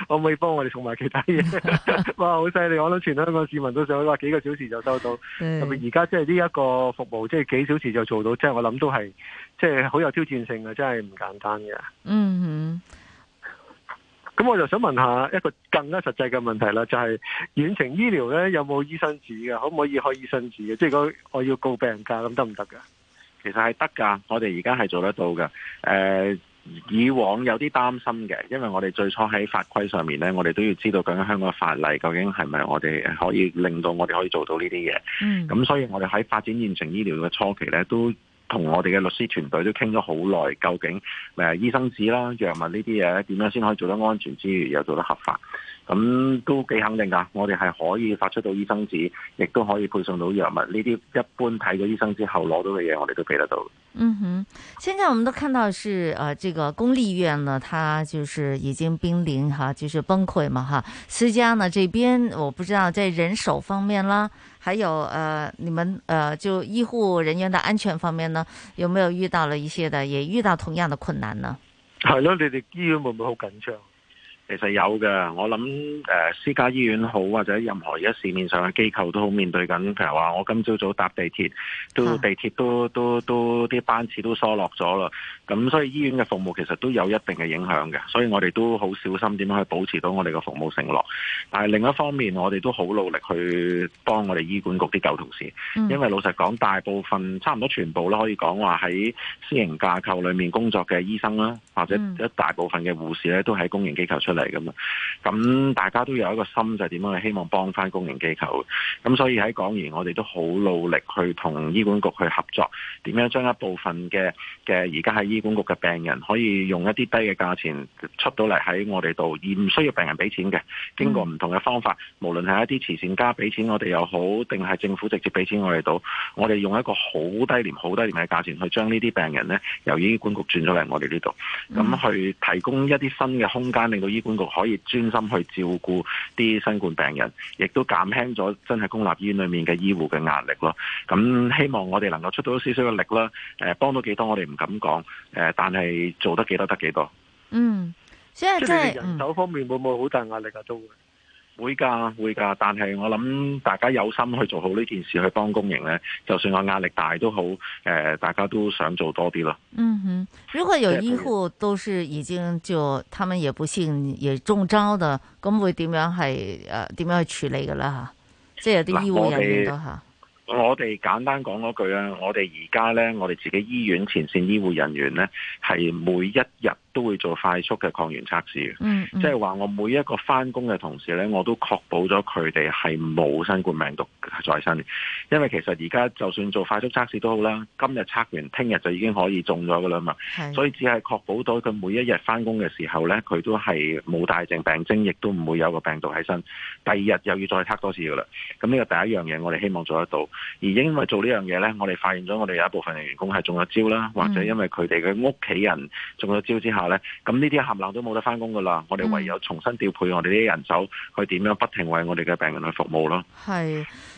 可唔可以幫我哋送埋其他嘢。 哇！好犀利，我諗全香港市民都想話幾個小時就收到。而家即係呢一個服務，即係幾小時就做到，即係我諗都係即係好有挑戰性嘅，真係唔簡單嘅。咁、嗯、我就想問一下一個更加實際嘅問題啦，就係、是、遠程醫療呢，有冇醫生紙嘅？可唔可以開醫生紙嘅？即係我要告病假咁得唔得嘅？其實係得噶，我哋而家係做得到嘅。誒、呃。以往有啲擔心嘅，因為我哋最初喺法規上面咧，我哋都要知道究竟香港嘅法例究竟係咪我哋可以令到我哋可以做到呢啲嘢。咁、嗯、所以，我哋喺發展遠程醫療嘅初期咧，都同我哋嘅律師團隊都傾咗好耐，究竟醫生紙啦、藥物呢啲嘢點樣先可以做得安全之餘又做得合法？咁、嗯、都幾肯定噶，我哋係可以發出到醫生紙，亦都可以配送到藥物。呢啲一般睇咗醫生之後攞到嘅嘢，我哋都俾得到了。嗯哼，現在我們都看到是，呃這個公立醫院呢，它就是已經瀕臨，哈、啊，就是崩潰嘛，哈、啊。私家呢，這邊我不知道在人手方面啦，還有，呃你們，呃就醫護人員的安全方面呢，有沒有遇到了一些的，也遇到同樣的困難呢？係咯，你哋醫院會唔會好緊張？其實有嘅，我諗誒、呃，私家醫院好或者任何而家，市面上嘅機構都好面對緊，譬如話我今朝早，早搭地鐵，都地鐵都都都啲班次都疏落咗啦。咁所以醫院嘅服務其實都有一定嘅影響嘅，所以我哋都好小心點樣去保持到我哋嘅服務承諾。但係另一方面，我哋都好努力去幫我哋醫管局啲舊同事，嗯、因為老實講，大部分差唔多全部啦，可以講話喺私營架構裏面工作嘅醫生啦，或者一大部分嘅護士咧，都喺公營機構出。嚟。咁咁大家都有一個心就係點樣去希望幫翻公營機構，咁所以喺港醫我哋都好努力去同醫管局去合作，點樣將一部分嘅、嘅而家喺醫管局嘅病人可以用一啲低嘅價錢出到嚟喺我哋度，而唔需要病人俾錢嘅，經過唔同嘅方法，無論係一啲慈善家俾錢我哋又好，定係政府直接俾錢我哋度，我哋用一個好低廉、好低廉嘅價錢去將呢啲病人呢由醫管局轉咗嚟我哋呢度，咁去提供一啲新嘅空間，令到醫管局可以專心去照顧啲新冠病人，亦都減輕咗真係公立醫院裏面嘅醫護嘅壓力咯。咁希望我哋能夠出到少少嘅力啦，誒幫到幾多我哋唔敢講，誒但係做得幾多得幾多。嗯，所以就係，即係人手方面，嗯，會唔會好大壓力啊？都會。會噶會噶，但係我諗大家有心去做好呢件事，去幫公營咧，就算我壓力大都好，誒、呃，大家都想做多啲咯。嗯哼，如果有醫護都是已經就，他們也不幸也中招的，咁會點樣係誒點樣去處理噶啦吓？即係有啲醫護人員都吓。我哋簡單講嗰句啊，我哋而家咧，我哋自己醫院前線醫護人員咧，係每一日都會做快速嘅抗原測試嘅。嗯，嗯，即係話我每一個返工嘅同事咧，我都確保咗佢哋係冇新冠病毒在身。因為其實而家就算做快速測試都好啦，今日測完，聽日就已經可以中咗㗎喇嘛。係，所以只係確保到佢每一日返工嘅時候咧，佢都係冇帶症病徵，亦都唔會有個病毒喺身。第二日又要再測多次㗎喇。咁呢個第一樣嘢，我哋希望做得到。而因為做呢樣嘢呢，我哋發現咗我哋有一部分嘅員工係中咗招啦，或者因為佢哋嘅屋企人中咗招之下呢，咁呢啲冚唥都冇得返工㗎喇，我哋唯有重新調配我哋啲人手去點樣不停為我哋嘅病人去服務咯。係。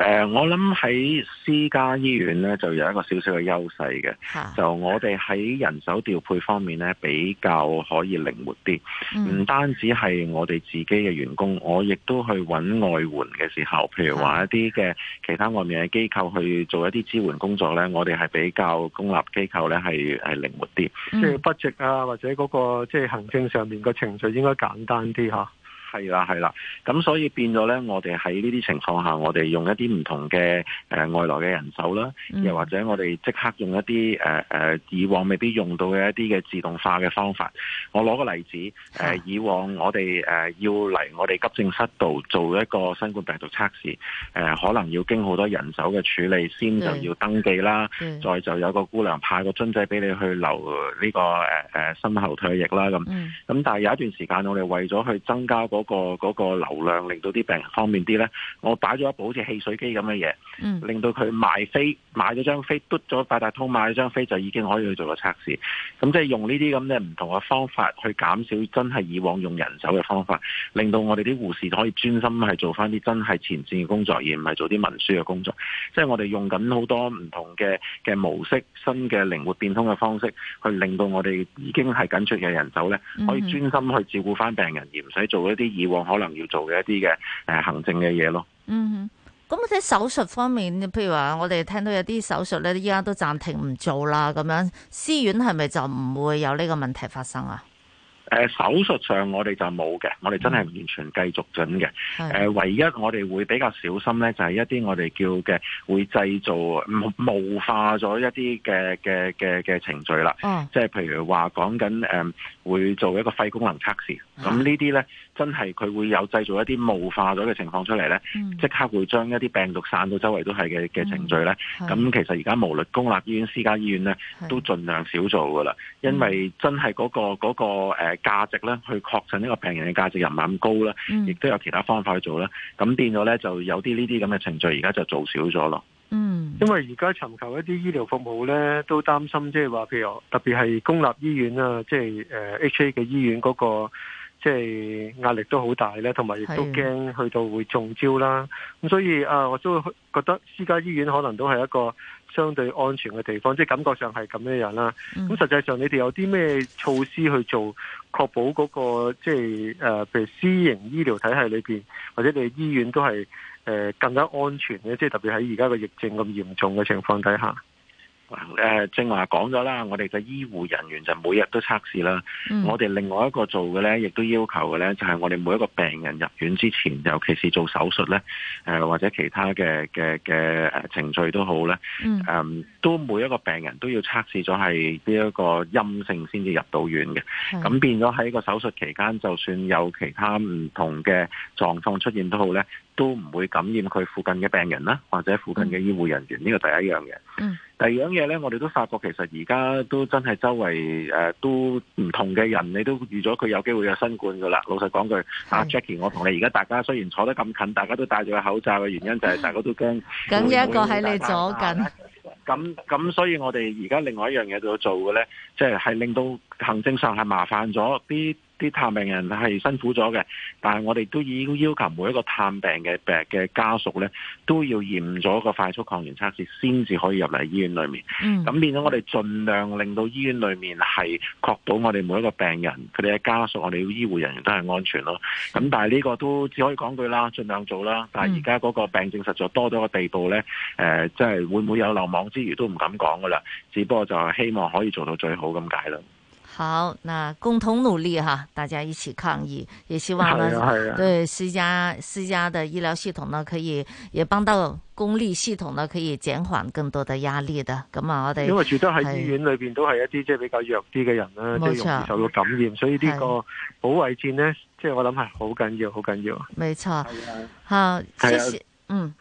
誒、呃，我諗喺私家醫院咧，就有一個小小嘅優勢嘅，就我哋喺人手調配方面咧，比較可以靈活啲。唔、嗯、單止係我哋自己嘅員工，我亦都去揾外援嘅時候，譬如話一啲嘅其他外面嘅機構去做一啲支援工作咧，我哋係比較公立機構咧係係靈活啲。即係 budget 啊，或者嗰、那個即係、就是、行政上面個程序應該簡單啲吓。係啦，係啦，咁所以變咗咧，我哋喺呢啲情況下，我哋用一啲唔同嘅誒外來嘅人手啦，又或者我哋即刻用一啲誒誒以往未必用到嘅一啲嘅自動化嘅方法。我攞個例子，誒以往我哋誒要嚟我哋急症室度做一個新冠病毒測試，誒可能要經好多人手嘅處理先就要登記啦，再就有個姑娘派個樽仔俾你去留呢個誒誒深喉唾液啦咁。咁但係有一段時間，我哋為咗去增加個嗰個嗰個流量令到啲病人方便啲呢。我擺咗一部好似汽水機咁嘅嘢，令到佢買飛買咗張飛，嘟咗八達通買咗張飛就已經可以去做個測試。咁即係用呢啲咁嘅唔同嘅方法去減少真係以往用人手嘅方法，令到我哋啲護士可以專心係做翻啲真係前線嘅工作，而唔係做啲文書嘅工作。即係我哋用緊好多唔同嘅嘅模式、新嘅靈活變通嘅方式，去令到我哋已經係緊絀嘅人手呢，可以專心去照顧翻病人，而唔使做一啲，以往可能要做嘅一啲嘅誒行政嘅嘢咯。嗯，咁喺手術方面，譬如話我哋聽到有啲手術咧，依家都暫停唔做啦。咁樣私院係咪就唔會有呢個問題發生啊？誒，手術上我哋就冇嘅，我哋真係完全繼續緊嘅。誒、嗯，唯一我哋會比較小心咧，就係一啲我哋叫嘅會製造霧化咗一啲嘅嘅嘅嘅程序啦。即、嗯、係譬如話講緊。誒、嗯。會做一個肺功能測試，咁呢啲呢，真係佢會有製造一啲霧化咗嘅情況出嚟呢，即刻會將一啲病毒散到周圍都係嘅嘅程序呢咁，嗯、其實而家無論公立醫院、私家醫院呢，都盡量少做噶啦，因為真係嗰個嗰個誒價值呢，去確診呢個病人嘅價值又唔係咁高啦，亦都有其他方法去做啦。咁變咗呢，就有啲呢啲咁嘅程序而家就做少咗咯。嗯，因為而家尋求一啲醫療服務咧，都擔心即係話，譬如特別係公立醫院啊，即係誒 HA 嘅醫院嗰、那個即係、就是、壓力都好大咧，同埋亦都驚去到會中招啦。咁所以啊，我都覺得私家醫院可能都係一個相對安全嘅地方，即、就、係、是、感覺上係咁樣樣啦。咁、嗯、實際上你哋有啲咩措施去做，確保嗰、那個即係誒，譬、就是呃、如私營醫療體系裏邊或者你醫院都係。誒，更加安全嘅，即係特別喺而家個疫症咁嚴重嘅情況底下，誒、呃，正話講咗啦，我哋嘅醫護人員就每日都測試啦、嗯。我哋另外一個做嘅咧，亦都要求嘅咧，就係、是、我哋每一個病人入院之前，尤其是做手術咧，誒、呃、或者其他嘅嘅嘅誒程序都好咧、嗯呃，都每一個病人都要測試咗係呢一個陰性先至入到院嘅。咁變咗喺個手術期間，就算有其他唔同嘅狀況出現都好咧。都唔會感染佢附近嘅病人啦，或者附近嘅醫護人員，呢個、嗯、第一樣嘢、嗯。第二樣嘢呢，我哋都發覺其實而家都真係周圍誒、呃、都唔同嘅人，你都預咗佢有機會有新冠噶啦。老實講句、啊、Jackie，我同你而家大家雖然坐得咁近，大家都戴住個口罩嘅原因就係、是嗯、大家都驚緊有一個喺你左近，咁咁，所以我哋而家另外一樣嘢都要做嘅呢，即係係令到行政上係麻煩咗啲。啲探病人係辛苦咗嘅，但係我哋都已經要求每一個探病嘅病嘅家屬咧，都要驗咗個快速抗原測試，先至可以入嚟醫院裏面。咁、嗯、變咗我哋盡量令到醫院裏面係確保我哋每一個病人佢哋嘅家屬，我哋嘅醫護人員都係安全咯。咁但係呢個都只可以講句啦，盡量做啦。但係而家嗰個病症實在多咗個地步咧，誒、呃，即、就、係、是、會唔會有漏網之魚都唔敢講噶啦。只不過就係希望可以做到最好咁解啦。好，那共同努力哈，大家一起抗疫，也希望呢，啊啊、對私家私家的醫療系統呢，可以也幫到公立系統呢，可以減緩更多的壓力的。咁啊，我哋因為住得喺醫院裏邊都係一啲即係比較弱啲嘅人啦，即係、就是、容易受到感染，所以呢個保衛戰呢，即係、啊就是、我諗係好緊要，好緊要。沒錯，啊、好、啊、謝謝，嗯。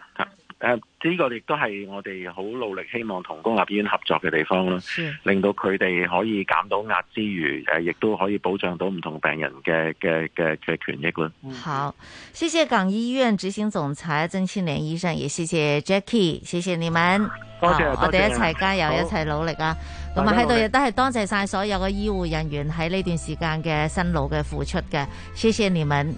誒，呢個亦都係我哋好努力，希望同公立醫院合作嘅地方啦，令到佢哋可以減到壓之餘，誒，亦都可以保障到唔同病人嘅嘅嘅嘅權益啦。好，謝謝港怡醫院執行總裁曾慶亷醫生，也謝謝 Jacky，謝謝你們。多謝，多謝我哋一齊加油，一齊努力啊！咁啊，喺度亦都係多謝晒所有嘅醫護人員喺呢段時間嘅辛勞嘅付出嘅，謝謝你們。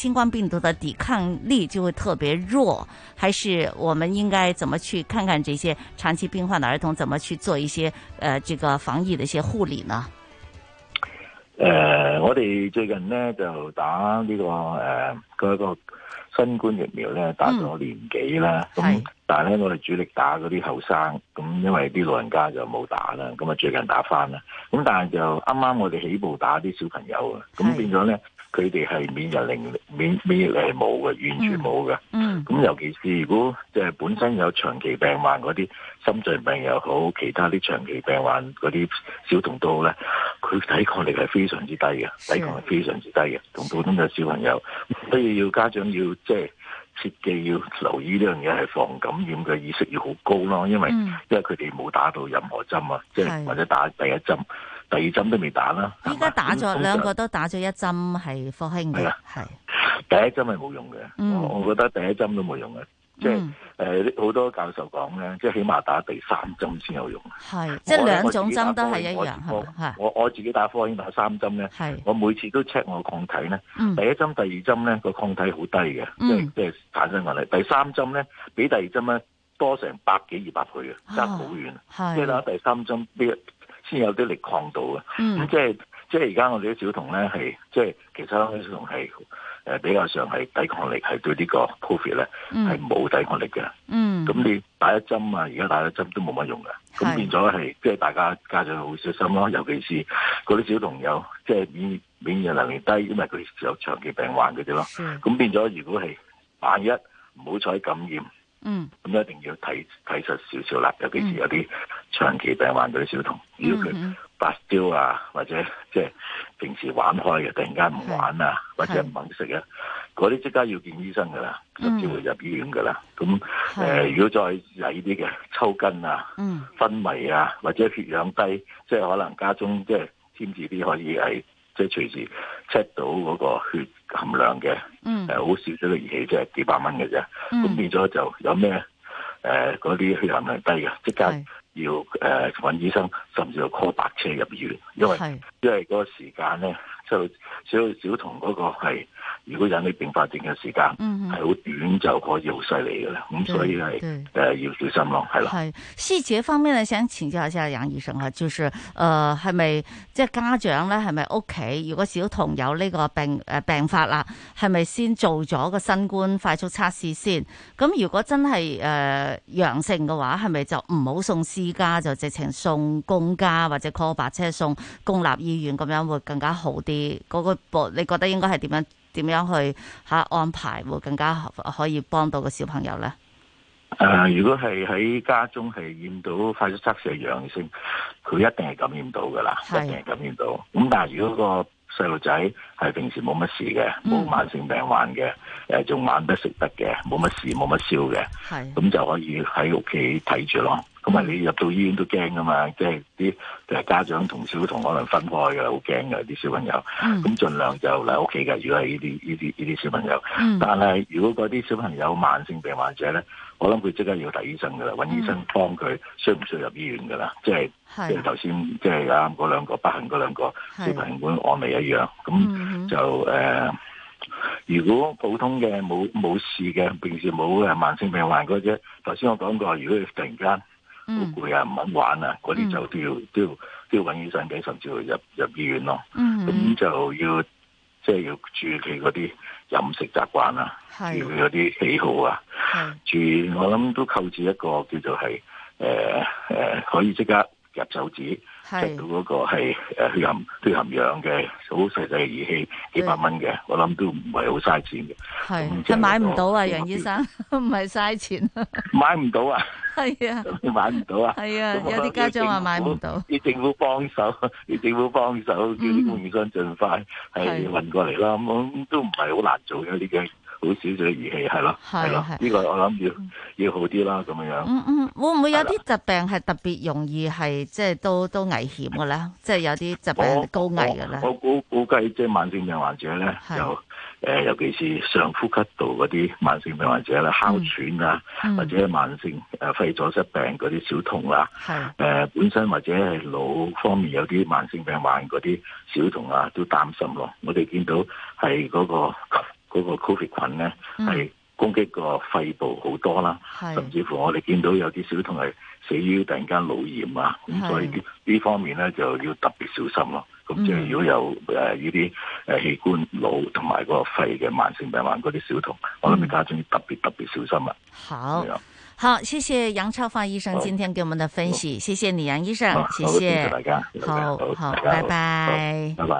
新冠病毒的抵抗力就會特別弱，還是我們應該怎麼去看看這些長期病患的兒童，怎麼去做一些、呃、這個防疫的一些護理呢？誒、呃，我哋最近呢，就打呢、這個誒個、呃、新冠疫苗咧，打咗年幾啦，咁但係咧我哋主力打嗰啲後生，咁因為啲老人家就冇打啦，咁啊最近打返啦，咁但係就啱啱我哋起步打啲小朋友啊，咁變咗咧。佢哋係免疫力、免免疫力係冇嘅，完全冇嘅。咁、嗯嗯、尤其是如果即係本身有長期病患嗰啲心臟病又好，其他啲長期病患嗰啲小童都好咧，佢抵抗力係非常之低嘅，抵抗力非常之低嘅，同普通嘅小朋友。所以要家長要即係切記要留意呢樣嘢，係防感染嘅意識要好高咯，因為、嗯、因為佢哋冇打到任何針啊，即係或者打第一針。第二針都未打啦，依家打咗兩個都打咗一針係科興嘅，係第一針係冇用嘅、嗯，我覺得第一針都冇用嘅、嗯，即係誒好多教授講咧，即係起碼打第三針先有用，係即係兩種針都係一樣，係我自己打，我自己打，我自己打科興打三針咧，我每次都 check 我個抗體咧、嗯，第一針、第二針咧個抗體好低嘅、嗯，即係即係產生壓力，第三針咧比第二針咧多成百幾二百倍嘅，差好遠，哦、即係打第三針比。先有啲力抗到嘅，咁、嗯、即係即係而家我哋啲小童咧係，即係其實啲小童係誒、呃、比較上係抵抗力係對呢個 COVID 咧係冇抵抗力嘅，咁、嗯、你打一針啊，而家打一針都冇乜用嘅，咁變咗係即係大家家長好小心咯，尤其是嗰啲小童有即係免免疫能力低，因為佢有長期病患嗰啲咯，咁變咗如果係萬一唔好彩感染。嗯，咁、嗯、一定要睇睇實少少啦。尤其是有啲長期病患嗰啲小童，如果佢發燒啊，或者即係平時玩開嘅，突然間唔玩啊，或者唔肯食啊，嗰啲即刻要見醫生噶啦，甚至會入醫院噶啦。咁、嗯、誒、呃，如果再細啲嘅抽筋啊、嗯、昏迷啊，或者血氧低，即、就、係、是、可能家中即係添置啲可以係。即係隨時 check 到嗰個血含量嘅，誒、嗯、好、呃、少少嘅儀器，即係幾百蚊嘅啫。咁、嗯、變咗就有咩？誒、呃、嗰啲血含量低嘅，即刻要誒，搵、呃、醫生，甚至要 call 白車入醫院，因為因為嗰個時間咧，就少少同嗰個系。如果引起併發症嘅時間，係、嗯、好短就可以好犀利嘅啦。咁所以係誒要小心咯，係啦。係細節方面你想請教下先，楊醫生啦，就是誒係咪即係家長咧，係咪屋企如果小童有呢個病誒、呃、病發啦，係咪先做咗個新冠快速測試先？咁如果真係誒、呃、陽性嘅話，係咪就唔好送私家，就直情送公家或者 call 白車送公立醫院咁樣會更加好啲？嗰個你覺得應該係點樣？點樣去吓安排會更加可以幫到個小朋友咧？誒、呃，如果係喺家中係驗到快速測試係陽性，佢一定係感染到噶啦，一定係感染到。咁但係如果個細路仔係平時冇乜事嘅，冇、嗯、慢性病患嘅。誒仲玩得食得嘅，冇乜事冇乜燒嘅，咁就可以喺屋企睇住咯。咁啊，你入到醫院都驚噶嘛，即係啲誒家長同小童可能分開㗎啦，好驚㗎。啲小朋友。咁、嗯、盡量就嚟屋企㗎。如果係呢啲呢啲呢啲小朋友，嗯、但係如果嗰啲小朋友慢性病患者咧，我諗佢即刻要睇醫生㗎啦，搵醫生幫佢、嗯、需唔需要入醫院㗎啦。即係頭先即係啱嗰兩個不幸嗰兩個小朋友安安一樣，咁就、嗯呃如果普通嘅冇冇事嘅平時冇誒慢性病患嗰啲，頭先我講過，如果突然間好攰啊，嗯、唔肯玩啊，嗰啲就都要、嗯、都要都要搵醫生睇，甚至乎入入醫院咯。咁、嗯、就要即係、就是、要注意佢嗰啲飲食習慣啦，注意佢啲喜好啊。住，住我諗都構置一個叫做係誒誒，可以即刻入手指。食到嗰個係誒血含血含氧嘅，好細細嘅儀器，幾百蚊嘅，我諗都唔係好嘥錢嘅。係，佢買唔到啊，楊醫生，唔係嘥錢。買唔到啊！係啊，買唔到啊！係啊，有啲家長話買唔到。要政府幫手，要政府幫手，叫啲供應商盡快係運過嚟啦。咁都唔係好難做嘅呢啲嘢。好少少儀器係咯，係咯，係呢、呢個我諗要、嗯、要好啲啦，咁樣嗯嗯，會唔會有啲疾病係特別容易係即係都都危險嘅咧？即、就、係、係、有啲疾病高危嘅咧？我估估計即係慢性病患者咧，就尤其是上呼吸道嗰啲慢性病患者呢，哮喘啊、嗯，或者係慢性肺阻塞病嗰啲小童啦、啊，誒、呃、本身或者係腦方面有啲慢性病患嗰啲小童啊，都擔心咯。我哋見到係嗰、嗰個。嗰、那個 COVID 菌咧，係、嗯、攻擊個肺部好多啦，甚至乎我哋見到有啲小童係死於突然間腦炎啊，咁所以呢方面咧就要特別小心咯。咁即係如果有誒呢啲誒器官腦同埋個肺嘅慢性病患嗰啲小童，嗯、我諗大家仲要特別特別小心啊！好好，謝謝楊超發醫生今天給我們的分析，謝謝李楊醫生，謝謝，謝謝大家，拜拜好好，家好，拜拜，拜拜。